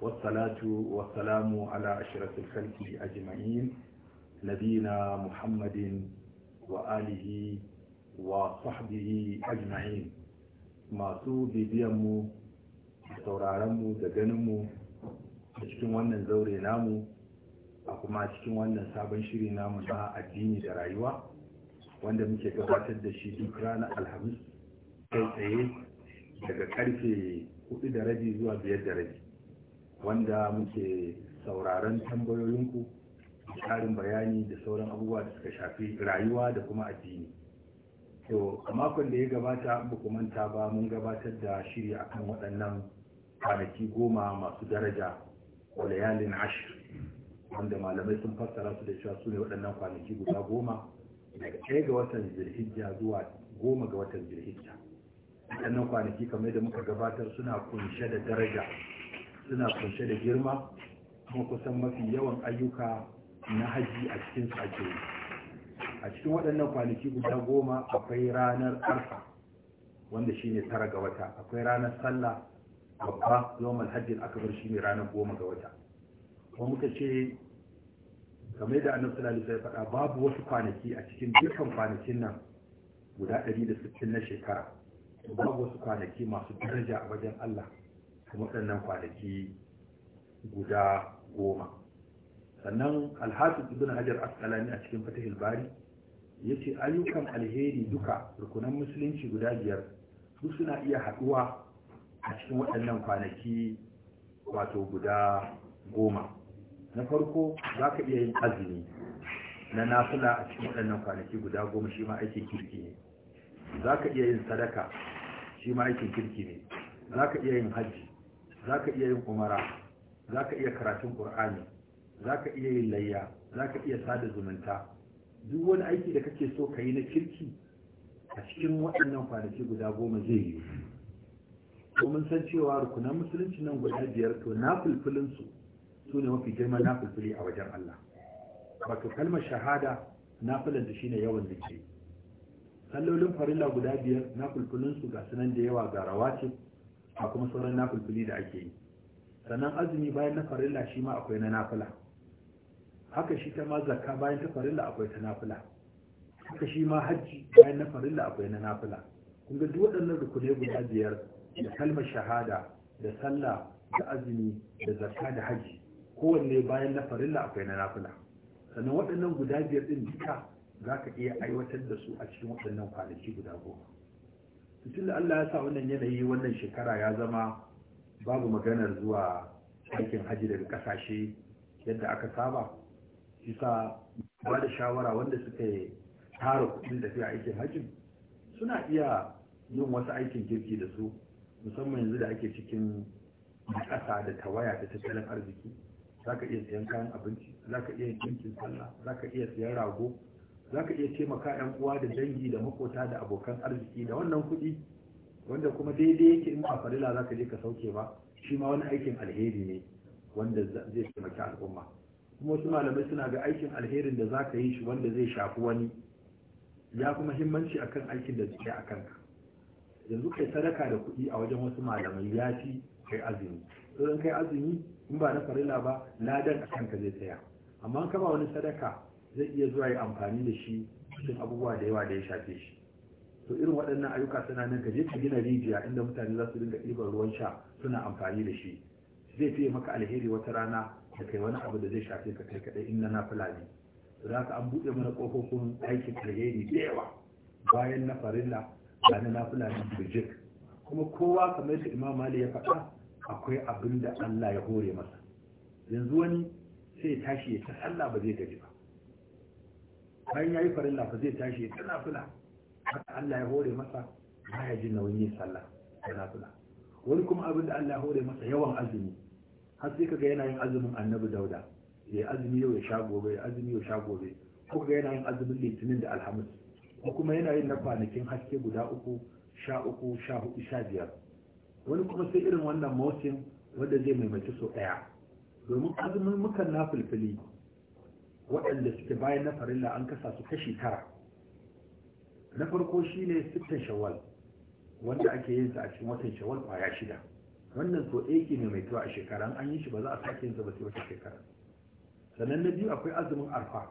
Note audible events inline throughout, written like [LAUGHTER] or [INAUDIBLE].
والصلاة والسلام على أشرف الخلق أجمعين نبينا محمد وآله وصحبه أجمعين masu bibiyanmu sauraronmu da ganinmu a cikin wannan zaure namu a kuma cikin wannan sabon shiri namu na addini da rayuwa wanda muke gabatar da shi duk ranar alhamis kai tsaye daga karfe 4 da rabi zuwa 5 da rabi wanda muke sauraron tambayoyinku karin bayani da sauran abubuwa da suka shafi rayuwa da kuma addini to a makon da ya gabata ba manta ba mun gabatar da shiri akan waɗannan kwanaki goma masu daraja layalin ashir wanda malamai sun fassara su da cewa su ne waɗannan kwanaki guda goma daga ɗaya ga watan zirhijja zuwa goma ga watan zirhijja waɗannan kwanaki kamar da muka gabatar suna kunshe da daraja suna kunshe da girma kuma kusan mafi yawan ayyuka na haji a cikin sake a cikin waɗannan kwanaki guda goma akwai ranar arfa wanda shine tara ga wata akwai ranar sallah babba yawon alhajjin shi shine ranar goma ga wata kuma muka ce kamar da annabi sallallahu alaihi faɗa babu wasu kwanaki a cikin dukkan kwanakin nan guda 160 na shekara babu wasu kwanaki masu daraja a wajen Allah waɗannan kwanaki guda goma sannan alhassan ibn hajar asqalani a cikin fatahil bari ce ayyukan alheri duka rukunan musulunci guda biyar duk suna iya haɗuwa a cikin waɗannan kwanaki wato guda goma na farko za ka iya yin azumi na nafula a cikin waɗannan kwanaki guda goma shi ma aikin kirki ne za ka iya yin sadaka shi ma aikin kirki ne za ka iya yin hajji za ka iya yin umara za ka iya karatun ƙur'ani za ka iya yin layya za ka iya sada zumunta duk wani aiki da kake so ka yi na kirki a cikin waɗannan kwanaki guda goma zai yi domin san cewa rukunan musulunci nan guda biyar to na su ne mafi girma na a wajen Allah wato kalmar shahada na fulanta shine yawan zikiri sallolin farilla guda biyar na fulfulinsu ga sunan da yawa ga rawatib a kuma sauran nafulfuli da ake yi sannan azumi bayan na farilla shi ma akwai na nafila haka shi ta ma zakka bayan ta farilla akwai ta nafila haka shi ma hajji bayan na farilla akwai na nafila kun ga duk waɗannan rukunai guda biyar da kalmar shahada da sallah da azumi da zakka da hajji kowanne bayan na farilla akwai na nafila sannan waɗannan guda biyar ɗin duka za ka iya aiwatar da su a cikin waɗannan kwanaki guda goma tun da Allah ya sa wannan yanayi wannan shekara ya zama babu maganar zuwa aikin haji daga kasashe yadda aka saba isa ba da shawara wanda suka yi tara kudin tafiya aikin hajji suna iya yin wasu aikin kirki da su musamman yanzu da ake cikin ƙasa da tawaya da tattalin arziki za ka iya siyan kayan abinci za ka iya yankin sallah za ka iya siyan rago za ka iya taimaka 'yan uwa da dangi da makota da abokan arziki da wannan kuɗi wanda kuma daidai yake in ba farila za ka je ka sauke ba shi ma wani aikin alheri ne wanda zai taimaki al'umma kuma wasu malamai suna ga aikin alherin da za ka yi shi wanda zai shafi wani ya fi muhimmanci akan aikin da zai a kanka yanzu kai sadaka da kuɗi a wajen wasu malamai ya fi kai azumi sauran kai azumi in ba na farila ba ladan a kanka zai tsaya amma kama wani sadaka zai iya zuwa ya amfani da shi cikin abubuwa da yawa da ya shafe shi to irin waɗannan ayyuka suna nan ka je ka gina rijiya inda mutane za su dinga ɗiban ruwan sha suna amfani da shi zai fiye maka alheri wata rana da kai wani abu da zai shafe ka kai kaɗai in na nafila To za ka an buɗe mana ƙofofin aikin alheri da yawa bayan na farilla ba na na fulani birjik kuma kowa kamar yadda imam mali ya faɗa akwai abin da allah ya hore masa yanzu wani sai tashi ya ta sallah ba zai gaji ba bayan yayi farin lafa zai tashi ya nafila haka Allah ya hore masa ya jin nauyin yin sallah da nafila wani kuma abin da Allah ya hore masa yawan azumi har sai kaga yana yin azumin Annabi Dauda ya azumi yau ya sha gobe ya azumi yau sha gobe ko kaga yana yin azumin Litinin da Alhamis ko kuma yana yin na kwanakin haske guda uku sha uku sha hudu sha biyar wani kuma sai irin wannan motsin wanda zai maimaci so ɗaya domin azumin mukan na fulfili waɗanda suke bayan na farilla an kasa su kashi tara na farko shi ne sittin shawwal wanda ake yin sa a cikin watan shawwal kwaya shida wannan so ɗaya ne mai tuwa a shekara an yi shi ba za a sake yin sa ba sai wata shekara sannan na biyu akwai azumin arfa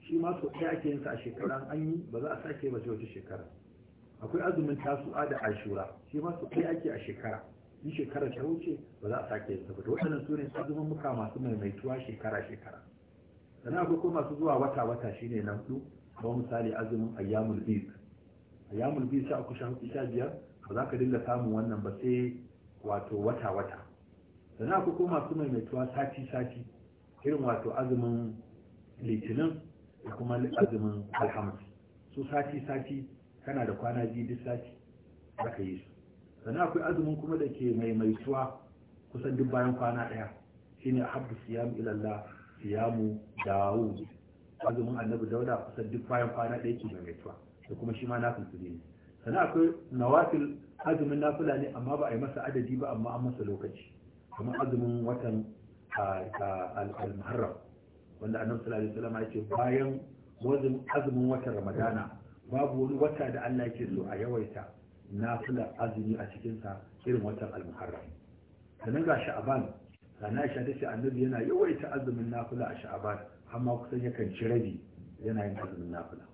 shi ma so ɗaya ake yin sa a shekara an yi ba za a sake ba sai wata shekara akwai azumin tasu'a da ashura shi ma so ɗaya ake a shekara in shekara ta wuce ba za a sake yin sa ba to waɗannan su ne azumin muka masu maimaituwa shekara shekara sannan akwai kuma masu zuwa wata wata shine na hudu kamar misali azumin ayyamul bid ayyamul bid sha uku sha hudu sha biyar ba za ka dinga samun wannan ba sai wato wata wata sannan akwai kuma masu maimaituwa sati sati irin wato azumin litinin da kuma azumin alhamis su sati sati kana da kwana biyu duk sati aka yi su sannan akwai azumin kuma da ke maimaituwa kusan duk bayan kwana ɗaya shine habbu siyam ilallah siyamu dawud azumin annabi dauda kusan duk bayan kwana ɗaya ke mai maituwa da kuma shi ma na fulfuli ne sannan akwai nawafil azumin nafila ne amma ba a yi masa adadi ba amma an masa lokaci kamar azumin watan al-muharram wanda annabi sallallahu alaihi wasallam ya bayan wajen azumin watan ramadana babu wani wata da Allah yake so a yawaita nafila azumi a cikinsa irin watan al-muharram sannan ga sha'ban sana aisha ta ce annabi yana yawaita azumin nafila a sha'aban amma kusan yakan ci rabi yana yin azumin nafila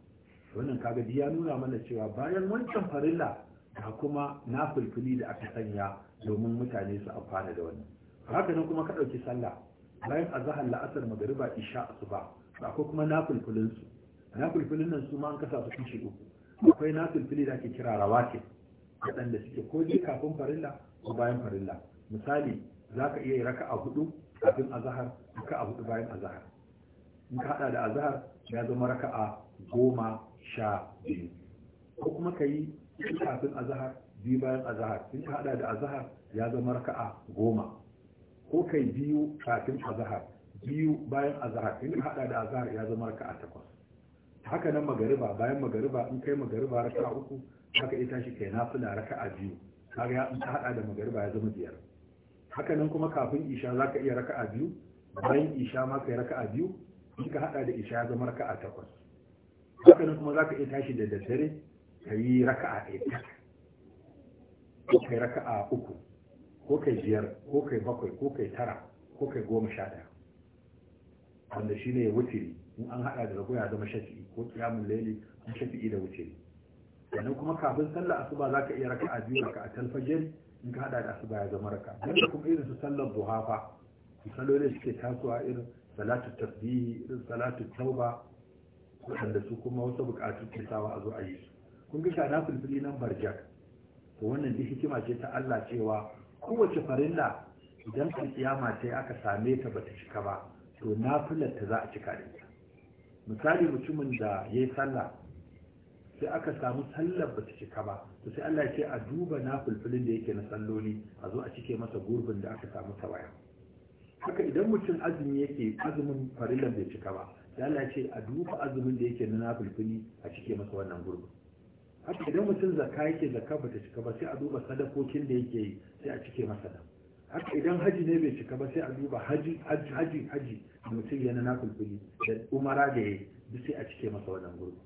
wannan kaga duk ya nuna mana cewa bayan wancan farilla ga kuma nafilfili da aka sanya domin mutane su amfana da wannan haka nan kuma ka ɗauki sallah bayan azahar la'asar magariba isha asuba ko kuma nafilfilin su nafilfilin nan su ma an kasa su kishi uku akwai nafilfili da ake kira rawatib waɗanda suke ko dai kafin farilla ko bayan farilla misali za ka iya yi raka a hudu kafin azahar raka a hudu bayan azahar in ka hada da azahar ya zama raka a goma sha biyu ko kuma ka yi kafin azahar biyu bayan azahar in ka hada da azahar ya zama raka a goma ko ka yi biyu kafin azahar biyu bayan azahar in ka hada da azahar ya zama raka a takwas haka nan magariba bayan magariba in kai magariba raka uku haka ita shi kai nafila raka a biyu kaga ya in ka hada da magariba ya zama biyar hakanan kuma kafin isha za ka iya a biyu bayan isha ma ka yi a biyu in ka hada da isha ya zama raka a takwas hakanan kuma za ka iya tashi da daddare ka yi raka a ɗaya ko kai a uku ko kai biyar ko kai bakwai ko kai tara ko kai goma sha ɗaya wanda wuce ni in an hada da rago ya zama shafi'i ko kiyamun laili shafi'i da ni sannan kuma kafin sallah asuba za ka iya raka a biyu raka a talfajir in ka hada da asuba ya zama raka wanda kuma irin su sallar duha fa sallolin suke tasowa irin salatu tasbihi irin salatu tauba waɗanda su kuma wasu buƙatu ke sawa a zo a yi su kun ga shana filfili nan barjak to wannan duk hikima ce ta Allah cewa kowace farilla idan ta kiyama aka same ta bata cika ba to nafilar ta za a cika da ita misali mutumin da ya yi sallah sai aka samu sallar ba ta cika ba to sai Allah ya ce a duba na fulfulin da yake na salloli a zo a cike masa gurbin da aka samu ta baya haka idan mutum azumi yake azumin farillan bai cika ba sai Allah ya ce a duba azumin da yake na fulfuli a cike masa wannan gurbin haka idan mutum zakka yake zakka ba ta cika ba sai a duba sadakokin da yake yi sai a cike masa da haka idan haji ne bai cika ba sai a duba haji haji haji mutum yana na fulfuli da umara da yayi duk sai a cike masa wannan gurbin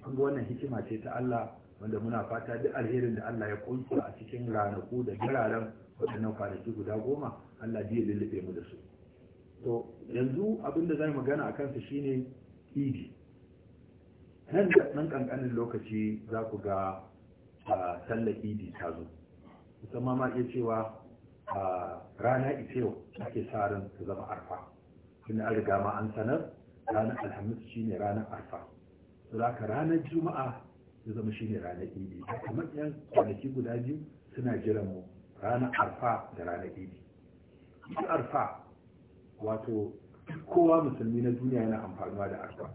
kun ga wannan hikima ce ta Allah wanda muna fata duk alherin da Allah ya kunsu a cikin ranaku da giraran waɗannan kwanaki guda goma Allah ji ya lullube mu da su to yanzu abin da zai magana a kansa shine idi nan da nan ƙanƙanin lokaci za ku ga sallar idi ta zo musamman ma iya cewa rana ita yau ake sa ran ta zama arfa tun an riga ma an sanar ranar alhamis shine ranar arfa za ka ranar juma'a ya zama shine ranar idi kamar yan kwanaki guda biyu suna jiran mu ranar arfa da ranar idi ita arfa wato kowa musulmi na duniya yana amfanuwa da arfa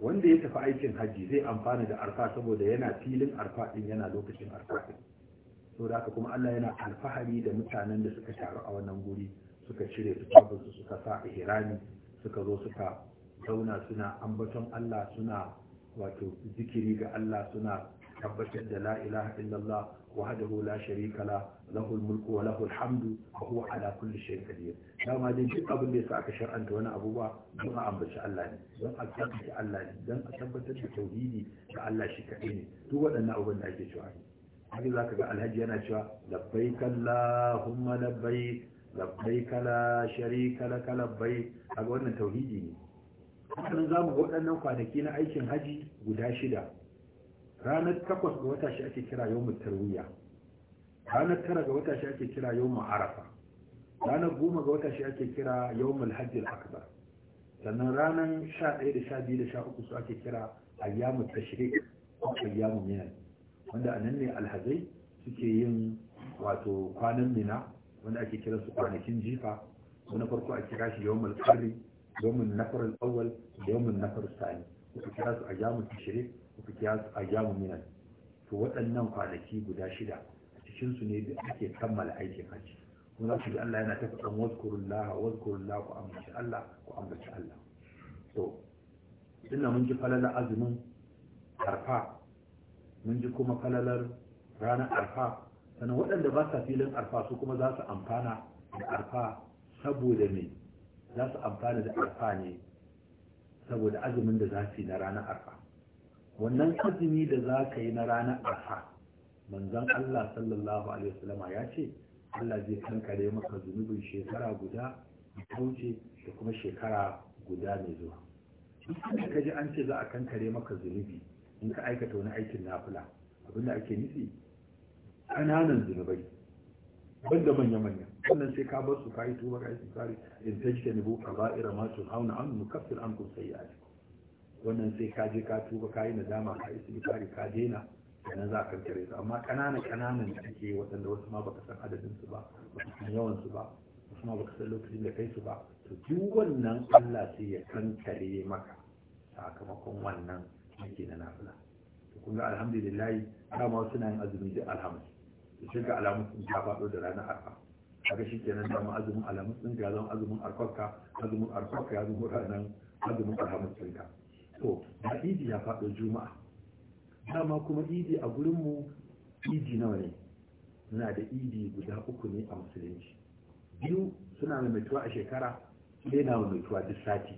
wanda ya tafi aikin hajji zai amfana da arfa saboda yana filin arfa din yana lokacin arfa din so da haka kuma Allah yana alfahari da mutanen da suka taru a wannan guri suka cire su suka sa ihrami suka zo suka zauna suna ambaton Allah suna wato zikiri ga Allah suna tabbatar da la ilaha illallah wahdahu la sharika la lahul mulku wa lahul hamdu wa huwa ala kulli shay'in qadir dama dai duk abin da yasa aka shar'anta wani abu ba don a ambaci Allah ne don a tabbata Allah ne don a tabbatar da tauhidi ga Allah shi kaɗai ne duk waɗannan abubuwan da ake cewa ne haka zaka ga alhaji yana cewa labbaik allahumma labbaik labbaik la sharika lak labbaik kaga wannan tauhidi ne hakanan za mu waɗannan kwanaki na aikin haji guda shida ranar takwas ga wata shi ake kira yau tarwiya ranar tara ga wata shi ake kira yau arafa ranar goma ga wata shi ake kira yau hajjil akbar sannan ranar sha ɗaya da sha biyu da sha uku su ake kira ayyamu tashrik ko ayyamu minan wanda anan ne alhazai suke yin wato kwanan mina wanda ake kiransu kwanakin jifa wani farko a kira shi yawon malkarri yawmin nafar al-awwal da yawmin nafar al-thani ku kira su ayyamu tashrik ku kira su ayyamu minan to waɗannan kwanaki guda shida a cikin su ne duk ake kammala aikin hajji kuma za ku ji Allah yana ta faɗan wazkurullaha wazkurullaha ku ambaci Allah ku ambaci Allah to mun ji falalar azumin arfa mun kuma falalar ranar arfa sannan waɗanda ba sa filin arfa su kuma zasu amfana da arfa saboda mai za su amfana da arfa ne saboda azumin da za su yi na ranar arfa wannan azumi da za ka yi na ranar arfa manzon Allah sallallahu alaihi wasallama ya ce Allah zai kankare maka zunubin shekara guda ta wuce da kuma shekara guda mai zuwa duk ka ji an ce za a kankare maka zunubi in ka aikata wani aikin nafila abinda ake nufi ƙananan zunubai banda manya-manya wannan sai ka bar su ka tuba ka yi tsari in ta ne nubu ka ba ira ma tun hauna an mu kafir an kun sai ya wannan sai ka je ka tuba ka yi nadama ka yi tsari ka daina sannan za ka kare su amma kanana-kanana ƙananan da ake waɗanda wasu ma baka san adadin su ba wasu san yawan su ba wasu ma baka san lokacin da kai su ba to duk wannan Allah sai ya kankare maka sakamakon wannan yake na nafila to kun ga alhamdulillah dama suna yin azumi da alhamdulillah to ga alamun sun ta faɗo da ranar arfa kaga shi kenan dama azumin alamun ɗinka ya zama azumin arfakka azumin arfakka ya zama nan, azumin alhamis ɗinka to da idi ya faɗo juma'a dama kuma idi a gurinmu idi nawa ne muna da idi guda uku ne a musulunci biyu suna maimaituwa a shekara ɗaya na maimaituwa duk sati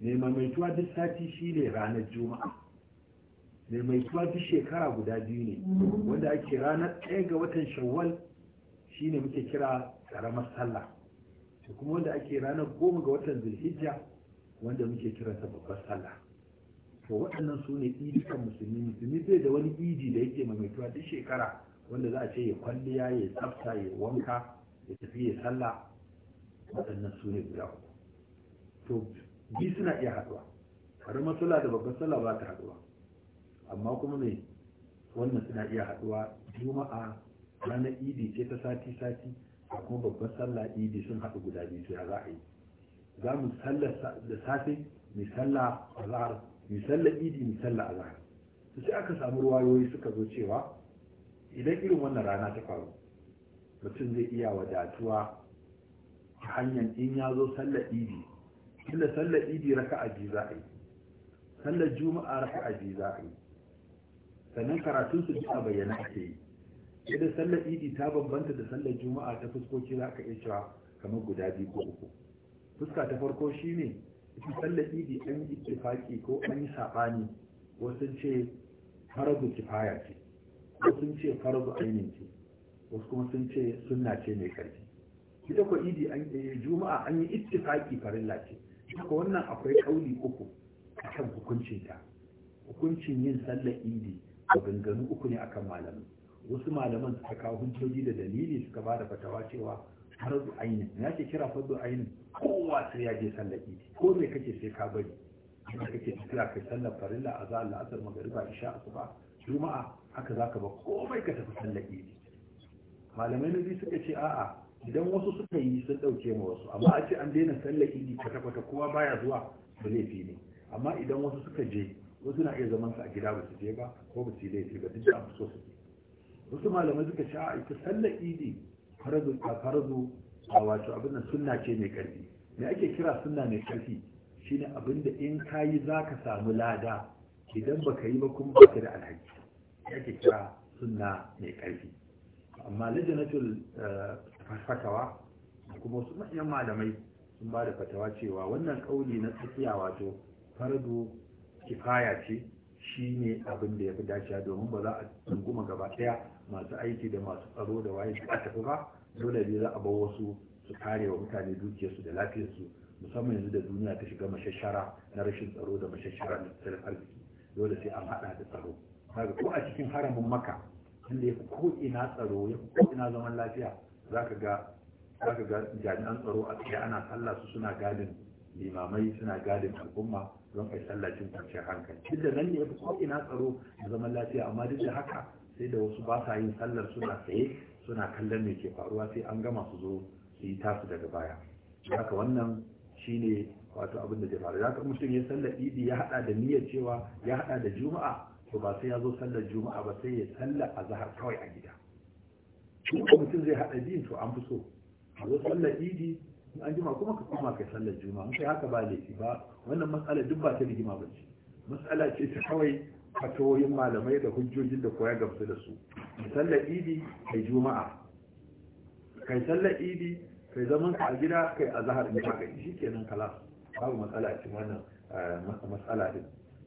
mai maimaituwa duk sati shi ne ranar juma'a mai maimaituwa duk shekara guda biyu ne wanda ake ranar ɗaya ga watan shawwal Shi ne muke kira karamar sallah da kuma wanda ake ranar goma ga watan zulhijja wanda muke kiransa babbar sallah to waɗannan su ne idikan musulmi musulmi zai da wani idi da yake maimaituwa duk shekara wanda za a ce ya kwalliya ya tsafta ya wanka ya tafi ya sallah waɗannan su ne guda uku to bi suna iya haɗuwa karamar sallah da babbar sallah ba ta haɗuwa amma kuma ne wannan suna iya haɗuwa juma'a ranar idi ce ta sati sati a kuma babbar sallah idi sun haɗu guda biyu to ya za a yi za mu sallar da safe mu sallah azhar mu idi mu sallah azhar to sai aka samu ruwayoyi suka zo cewa idan irin wannan rana ta faru mutum zai iya wadatuwa ta hanyar in ya zo sallar idi tunda sallar idi a biyu za a yi sallar juma'a raka biyu za a yi sannan karatun su a bayyana ake yi idan sallar idi ta bambanta da sallar juma'a ta fuskoki za ka iya cewa kamar guda biyu ko uku fuska ta farko shine ita sallar idi an yi ittifaki ko an yi sabani wasu ce farazu kifaya ce wasu ce farazu ainin ce wasu kuma sun ce sunna ce mai karfi ita ko idi an juma'a an yi ittifaki farilla ce ita ko wannan akwai kauli uku akan hukuncin ta hukuncin yin sallar idi a ganganu uku ne akan malamin wasu malaman suka kawo hujjoji da dalili suka ba da fatawa cewa farzu ainin na ce kira farzu ainin kowa sai ya je sallar idi ko me kake sai ka bari Kuma kake tafiya kai sallar farilla a la'azar, Allah magariba isha asuba juma'a haka zaka ba komai ka tafi sallar idi malamai na suka ce a'a idan wasu suka yi sun dauke ma wasu amma a ce an daina sallar idi kwata kwata kowa baya zuwa ba laifi ne amma idan wasu suka je wasu na iya zaman su a gida ba su je ba ko ba su yi laifi ba duk da so su je. wasu malamai suka a ita sallar idi farazu a farazu a wato abin nan sunna ce mai karfi me ake kira sunna mai karfi shine abin da in za ka samu lada idan baka yi ba kuma baka da alhaki ake kira sunna mai karfi amma lajinatul eh, fatawa kuma wasu manyan malamai sun ba da fatawa cewa wannan kauli na tsakiya wato farazu kifaya ce shi ne abin da ya fi dacewa domin ba za a tunguma gaba ɗaya masu aiki da masu tsaro da waye a tafi ba dole ne za a bar wasu su kare wa mutane dukiyarsu da lafiyarsu musamman yanzu da duniya ta shiga mashashara na rashin tsaro da mashashara na tattalin arziki dole sai an haɗa da tsaro kaga ko a cikin haramin maka inda ya fi ko ina tsaro ya fi ko ina zaman lafiya za ka ga ka ga jami'an tsaro a tsaye ana sallah su suna gadin limamai suna gadin al'umma don kai sallah cin kwanciyar hankali duk da nan ne ya fi ko ina tsaro da zaman lafiya amma duk da haka sai da wasu ba sa yin sallar suna tsaye suna kallon me ke faruwa sai an gama su zo su yi tasu daga baya haka wannan shine wato abin da zai faru haka mutum ya sallar idi ya haɗa da niyyar cewa ya hada da juma'a to ba sai ya zo sallar juma'a ba sai ya sallar azhar kawai a gida kuma mutum zai haɗa biyun to an fi so a zo sallar idi an jima kuma ka koma kai sallar juma'a kai haka ba laifi ba wannan matsalar duk ba ta rigima ba ce matsala ce ta kawai fatoyin malamai da hujjojin da koya gamsu da su sallar idi kai juma'a kai sallar idi kai zaman ka a gida kai a zahar in ka shi kenan kala babu matsala a cikin wannan eh, matsala din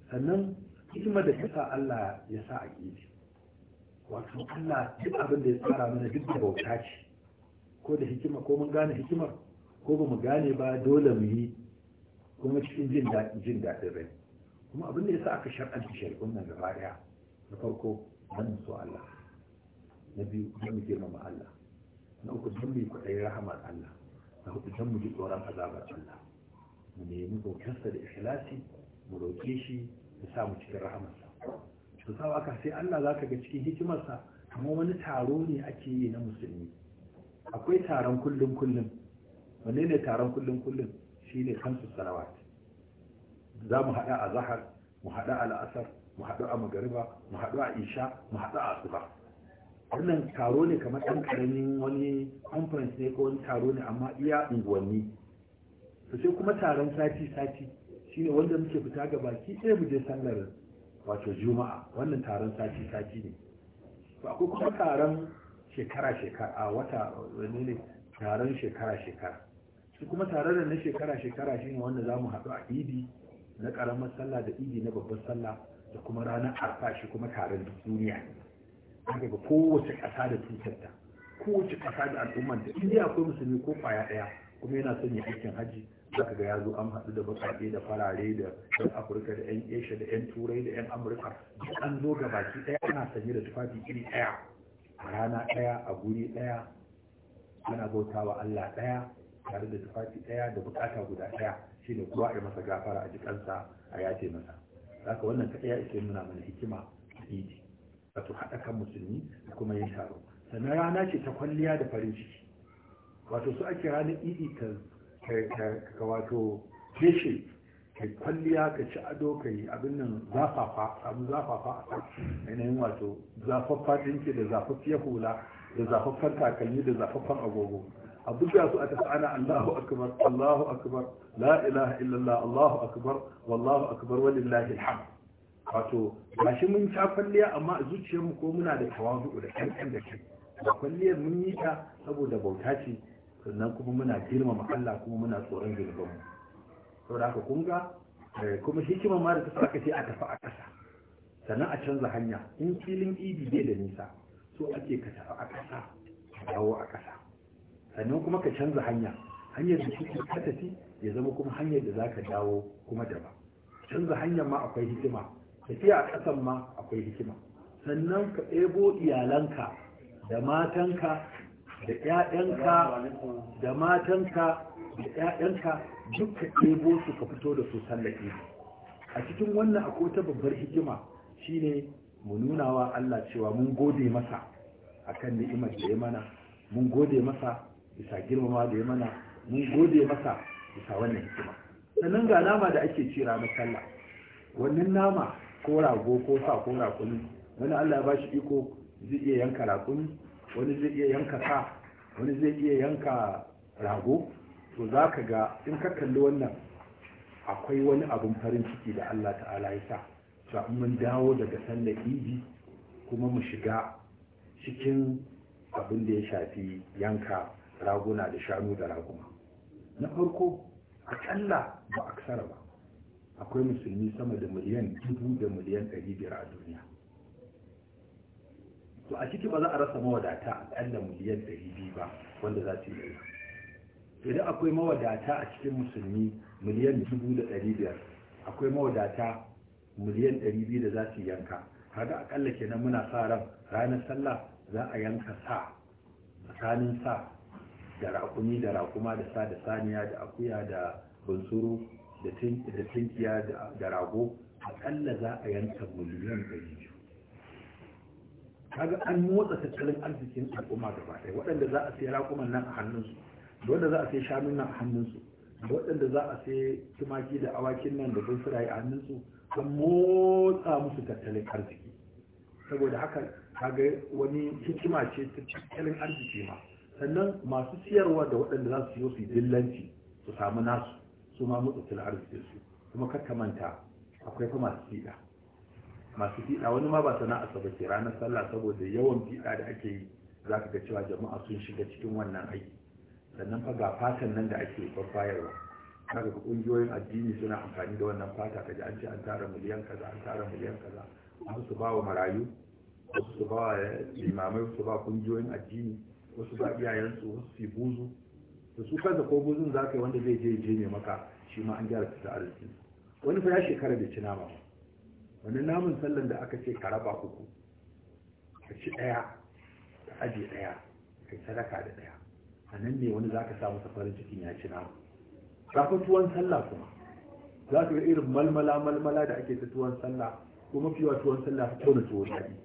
sannan hikimar da kisa Allah ya sa a idi wato Allah duk abin da ya tsara mana duk da bauta ce ko da hikima ko mun gane hikimar ko ba mu gane ba dole mu yi kuma cikin jin daɗin rai kuma abin da sa aka shar'anta shari'un nan gaba daya na farko dan so Allah na biyu dan mu girmama Allah na uku dan mu kwaɗayi rahamar Allah na hudu dan mu ji tsoron azabar Allah mu nemi bautarsa da ikhlasi mu roƙe shi ya sa mu cikin rahamarsa to sa aka sai Allah zaka ga cikin hikimarsa kamar wani taro ne ake yi na musulmi akwai taron kullum kullum wanne ne taron kullum kullum shine kamsu salawat za mu haɗa a zahar mu haɗa a la'asar mu haɗu a magariba mu haɗu a isha mu haɗu a asuba wannan taro ne kamar ɗan ƙaramin wani conference ne ko wani taro ne amma iya unguwanni to sai kuma taron sati sati shine wanda muke fita ga baki ɗaya mu je sallar wato juma'a wannan taron sati sati ne to akwai kuma taron shekara shekara a wata wani ne taron shekara shekara shi kuma taron da na shekara shekara shine wanda za mu haɗu a idi na karamar sallah da idi na babban sallah da kuma ranar arfa shi kuma taron duniya daga kowace ƙasa da tutarta kowace ƙasa da al'ummar da indiya akwai musulmi ko kwaya ɗaya kuma yana son ya aikin hajji zaka ga ya zo an haɗu da baƙaƙe da farare da yan afirka da yan asia da yan turai da yan amurka an zo ga baki ɗaya ana sanye da tufafi iri ɗaya a rana ɗaya a guri ɗaya ana bautawa allah ɗaya tare da tufafi ɗaya da buƙata guda ɗaya shine kuwa ya masa gafara a jikansa a yace masa haka wannan ta ya ake nuna mana hikima a idi wato haɗa kan musulmi da kuma yin taro sannan rana ce ta kwalliya da farin ciki wato su ake ranar idi ka wato keshe ka kwalliya ka ci ado ka yi abin nan zafafa samu zafafa a kan yanayin wato zafaffa ɗinki da zafaffiyar hula da zafaffar takalmi da zafaffan agogo a buga su a tafi ana Allahu akbar Allahu akbar la ilaha illallah Allahu akbar wallahu akbar walillahi alhamd wato shi mun sha kwalliya amma a zuciyarmu ko muna da tawazu da kankan da kai da kwalliyar mun yi ta saboda bauta ce sannan kuma muna girmama Allah kuma muna tsoron mu. saboda haka kun ga eh, kuma hikima ma da ta aka ce a tafi a ƙasa sannan a canza hanya in filin idi bai da nisa so ake ka tafi a ƙasa dawo a ƙasa sannan kuma ka canza hanya hanyar da kuke ka ya zama kuma hanyar da za ka dawo kuma daba canza hanyar ma akwai hikima tafiya a kasan ma akwai hikima sannan ka ɗebo iyalanka da matanka da ƴaƴanka da matanka da ƴaƴanka duk ka ɗebo su ka fito da su sallake a cikin wannan akwai ta babbar hikima shine mu nunawa Allah cewa mun gode masa akan ni'imar da ya mana mun gode masa bisa girmama da ya mana mun gode masa bisa wannan hikima sannan ga nama da ake ci na sallah wannan nama ko rago ko sa ko rakuni wani Allah ya bashi iko zai iya yanka rakuni wani zai iya yanka sa wani zai iya yanka rago to za ka ga in ka kalli wannan akwai wani abin farin ciki da Allah ta'ala ya sa to an mun dawo daga sallar idi kuma mu shiga cikin abin da ya shafi yanka raguna da shanu da raguma. na farko a akalla ba a aksara ba akwai musulmi sama da miliyan dubu da miliyan ɗari biyar a duniya to a ciki ba za a rasa mawadata kalla miliyan ɗari biyu ba wanda za su yi idan akwai mawadata a cikin musulmi miliyan dubu da ɗari biyar akwai mawadata miliyan ɗari biyu da za su yanka har da akalla kenan muna sa ran ranar sallah za a yanka sa tsakanin sa da raƙumi da rakuma da sa da saniya da akuya da bunsuru da tinkiya da rago aƙalla za a yanka miliyan ɗari biyu kaga an motsa tattalin arzikin al'umma da ɗaya waɗanda za a sai rakuman nan a hannunsu da waɗanda za a sai shanun nan a hannunsu da waɗanda za a sai tumaki da awakin nan da bunsuraye a hannunsu an motsa musu tattalin arziki saboda haka kaga wani hikima ce ta tattalin arziki ma sannan masu siyarwa da waɗanda za su yi su dillanci su samu nasu su ma sila arzikin su kuma manta akwai fa masu fiɗa masu fiɗa wani ma ba sana'a saba ke ranar sallah saboda yawan fiɗa da ake yi za ka ga cewa jama'a sun shiga cikin wannan aiki sannan fa ga fatan nan da ake bayarwa kaga ga ƙungiyoyin addini suna amfani da wannan fata kaji an ce an tara miliyan kaza an tara miliyan kaza wasu su bawa marayu wasu su bawa limamai su ba kungiyoyin addini wasu ba iyayen wasu su buzu da su kansa ko buzun za ka yi wanda zai je je ne maka shi ma an gyara su da arziki wani fa ya shekara da ci nama wani namun sallan da aka ce 'Karaba uku ka ci ɗaya ka aje ɗaya ka yi sadaka da ɗaya a nan ne wani za ka samu safarin cikin ya ci nama kafin tuwon sallah kuma za ka ga irin malmala malmala da ake ta tuwon sallah ko mafi yawa tuwon sallah ta tona tuwon daɗi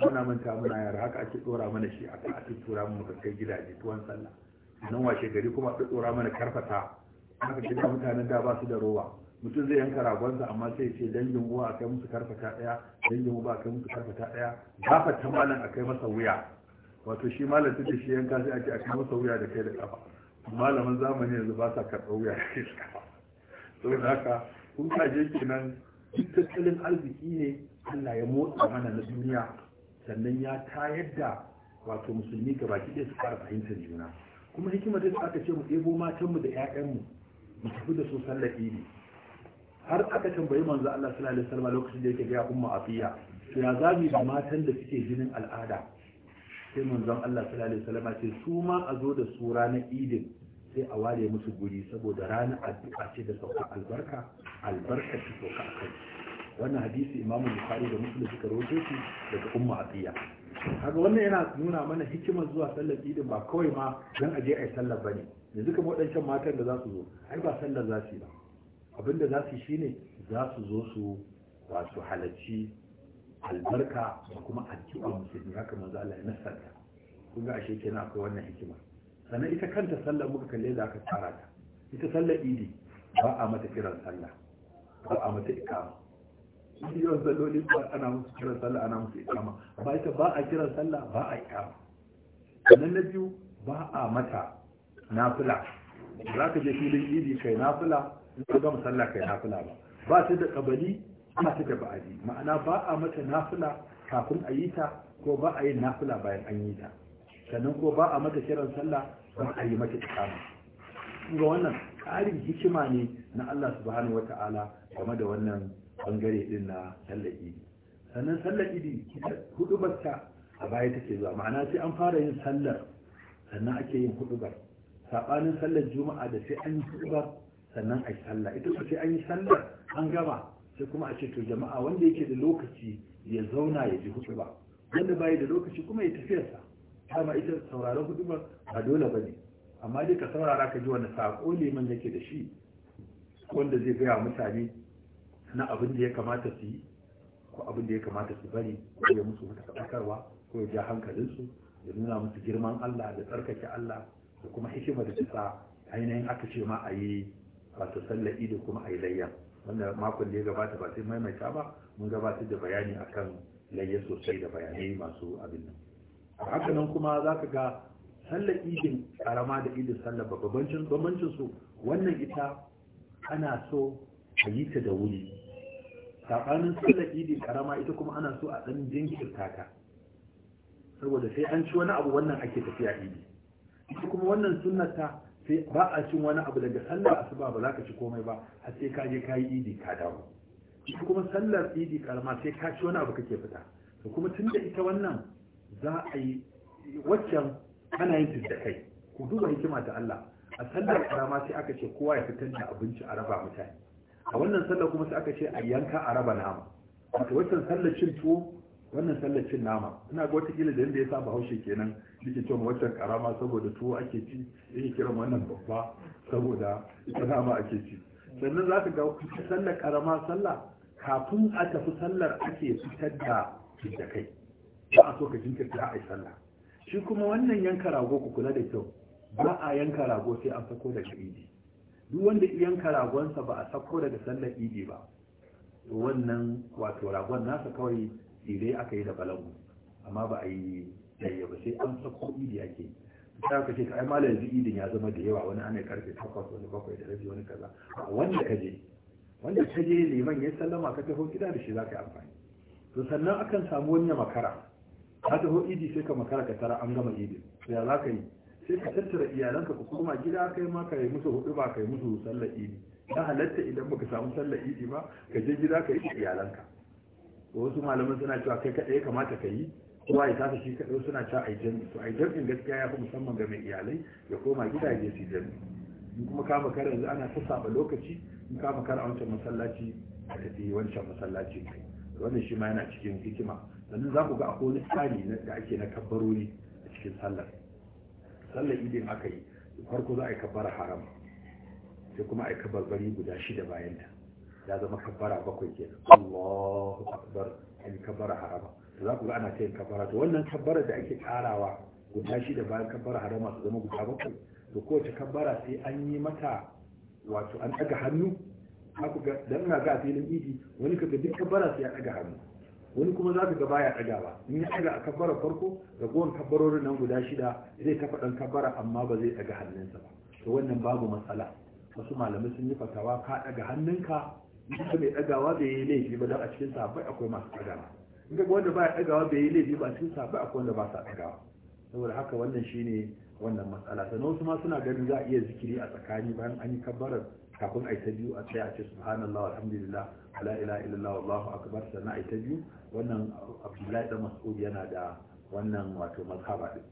muna manta muna yara haka ake dora mana shi a ake tura mu muka gidaje tuwon sallah nan washe gari kuma ake dora mana karfata haka da mutanen da ba su da rowa mutum zai yanka ragonsa amma sai ce dangin uwa a kai musu karfata daya dangin uba a kai musu karfata daya gafa ta malam a kai masa wuya wato shi malam tun da shi yanka sai a ce a kai masa wuya da kai da kafa malaman zamani yanzu ba sa karɓar wuya da kai da kafa saboda haka kun kaje kenan duk tattalin arziki ne Allah ya motsa mana na duniya sannan ya tayar da wato musulmi ga baki ɗaya su fara fahimtar juna kuma hikimar da aka ce mu ɗebo matanmu da 'ya'yanmu mu tafi da su sallar idi har aka tambayi manzo Allah sallallahu alaihi wasallam lokacin da yake ga umma afiya to ya zabi da matan da suke jinin al'ada sai manzon Allah sallallahu alaihi wasallam ce su ma a zo da su ranar idin sai a ware musu guri saboda ranar addu'a ce da sauka albarka albarka ta ka akai wannan hadisi imamu bukhari da muslim suka rawaito shi daga ummu atiya kaga wannan yana nuna mana hikimar zuwa sallar idin ba kawai ma dan aje ai sallar bane yanzu kuma waɗancan matan da za su zo ai ba sallar za su yi ba abinda za su yi shine za su zo su wasu halarci albarka da kuma addu'a musulmi haka manzo Allah ya nasarta kun ga ashe kenan akwai wannan hikima sannan ita kanta sallar muka kalle da aka tsara ta ita sallar idi ba a mata kiran sallah ba a mata ikama miliyon salloli ba ana musu kiran sallah ana musu ikama ba ita ba a kiran sallah ba a ikama sannan na biyu ba a mata nafila za ka je filin idi kai nafila in ka gama sallah kai nafila ba ba ta da kabali ba ta da ba'adi ma'ana ba a mata nafila kafin a yi ta ko ba a yin nafila bayan an yi ta sannan ko ba a mata kiran sallah ba a yi mata ikama ga wannan ƙarin hikima ne na Allah subhanahu wata'ala game da wannan bangare din na sallar idi sannan sallar idi hudu a baya take zuwa ma'ana sai an fara yin sallar sannan ake yin hudubar sabanin sallar juma'a da sai an yi hudubar sannan a yi ita sai an yi sallar an gama sai kuma a ce to jama'a wanda yake da lokaci ya zauna ya ji huduba. wanda bai da lokaci kuma ya tafiyarsa dama ita sauraron hudubar ba dole ba ne amma dai ka saurara ka ji wani saƙo ne man yake da shi wanda zai gaya mutane na abin da ya kamata su yi ko abin da ya kamata su bari ko ya musu mata faɗakarwa ko ya ja hankalinsu ya nuna musu girman Allah da tsarkake Allah da kuma hikima da tsa ainihin aka ce ma a yi wato sallar ido kuma a yi layya wanda makon da ya gabata ba sai maimaita ba mun gabatar da bayani akan layya sosai da bayanai masu abin nan haka nan kuma za ka ga sallar idin karama da idin sallar babbancin su wannan ita ana so a yi ta da wuri saɓanin sallar idin karama ita kuma ana so a ɗan jinkirta ta saboda sai an ci wani abu wannan ake tafiya idi ita kuma wannan sunnata sai ba a cin wani abu daga sallar asuba ba za ka ci komai ba har sai ka je ka yi idi ka dawo ita kuma sallar idi karama sai ka ci wani abu kake fita to kuma tunda ita wannan za a yi waccan ana yin da kai ku duba hikima ta Allah a sallar karama sai aka ce kowa ya fitar da abinci a raba mutane a wannan sallar kuma sai aka ce a yanka a raba nama wato wannan sallar cin tuwo wannan sallar cin nama ina ga wata kila da yanda ya sa bahaushe kenan yake cewa wancan karama saboda tuwo ake ci yake kiran wannan babba saboda ita nama ake ci sannan za ka ga sallar karama sallah kafin a tafi sallar ake fitar da da kai ba a so ka jinkirta a yi sallah shi kuma wannan yanka rago ku kula da kyau ba a yanka rago sai an sako da kaidi duk wanda yanka ragonsa ba a sako daga sallar idi ba wannan wato ragon nasa kawai tsire aka yi da balangu amma ba a yi yayya ba sai an sako idi ake ta ka ce kai malam yanzu idin ya zama da yawa wani ana karfe takwas wani bakwai da rabi wani kaza wanda ka wanda ka liman ya sallama ka taho gida da shi za ka yi amfani to sannan akan samu wani makara ka taho idi sai ka makara ka tara an gama idi to ya za ka yi sai ka tattara iyalanka ku koma gida kai ma ka yi musu hudu ba ka yi musu sallar idi ta halatta idan baka samu sallar idi ba ka je gida ka yi iyalanka wasu malaman suna cewa kai kaɗai kamata ka yi kowa ya tafi shi kaɗai suna cewa ai jami to yi jami'in gaskiya ya fi musamman ga mai iyalai ya koma gida ya je su jami in kuma kama kar yanzu ana ta saba lokaci in kama kar a wancan masallaci a tafi wancan masallaci kai wannan shi ma yana cikin hikima sannan za ku ga akwai wani tsari da ake na kabbarori a cikin sallar sallar idin aka yi farko za a yi kabbara haram sai kuma a yi kabbarbari guda shida bayan ta ya zama kabbara bakwai ke Allahu akbar yi kabbara harama to za ku ga ana ta yin kabbara to wannan kabbara da ake karawa guda shida bayan kabbara harama su zama guda bakwai to kowace kabbara sai an yi mata wato an daga hannu ku ga dan na ga filin idi wani kaga duk kabbara sai an daga hannu wani kuma za ka ga baya ɗagawa in ya ɗaga a kabbara farko ragowar kabbarorin nan guda shida zai kafa ɗan kabbara amma ba zai ɗaga hannunsa ba to wannan babu matsala wasu malamai sun yi fatawa ka ɗaga hannunka in ka mai ɗagawa bai yi laifi ba don a cikin sahabbai akwai masu ɗagawa in ga wanda baya ɗagawa bai yi laifi ba a cikin sahabbai akwai wanda ba sa ɗagawa saboda haka wannan shine wannan matsala sannan wasu ma suna ganin za a iya zikiri a tsakani bayan an yi kabbarar kafin a ta biyu a tsaya a ce subhanallah alhamdulillah la ilaha illallah wallahu akbar sannan a ta biyu wannan abdullahi da mas'ud yana da wannan wato mazhaba din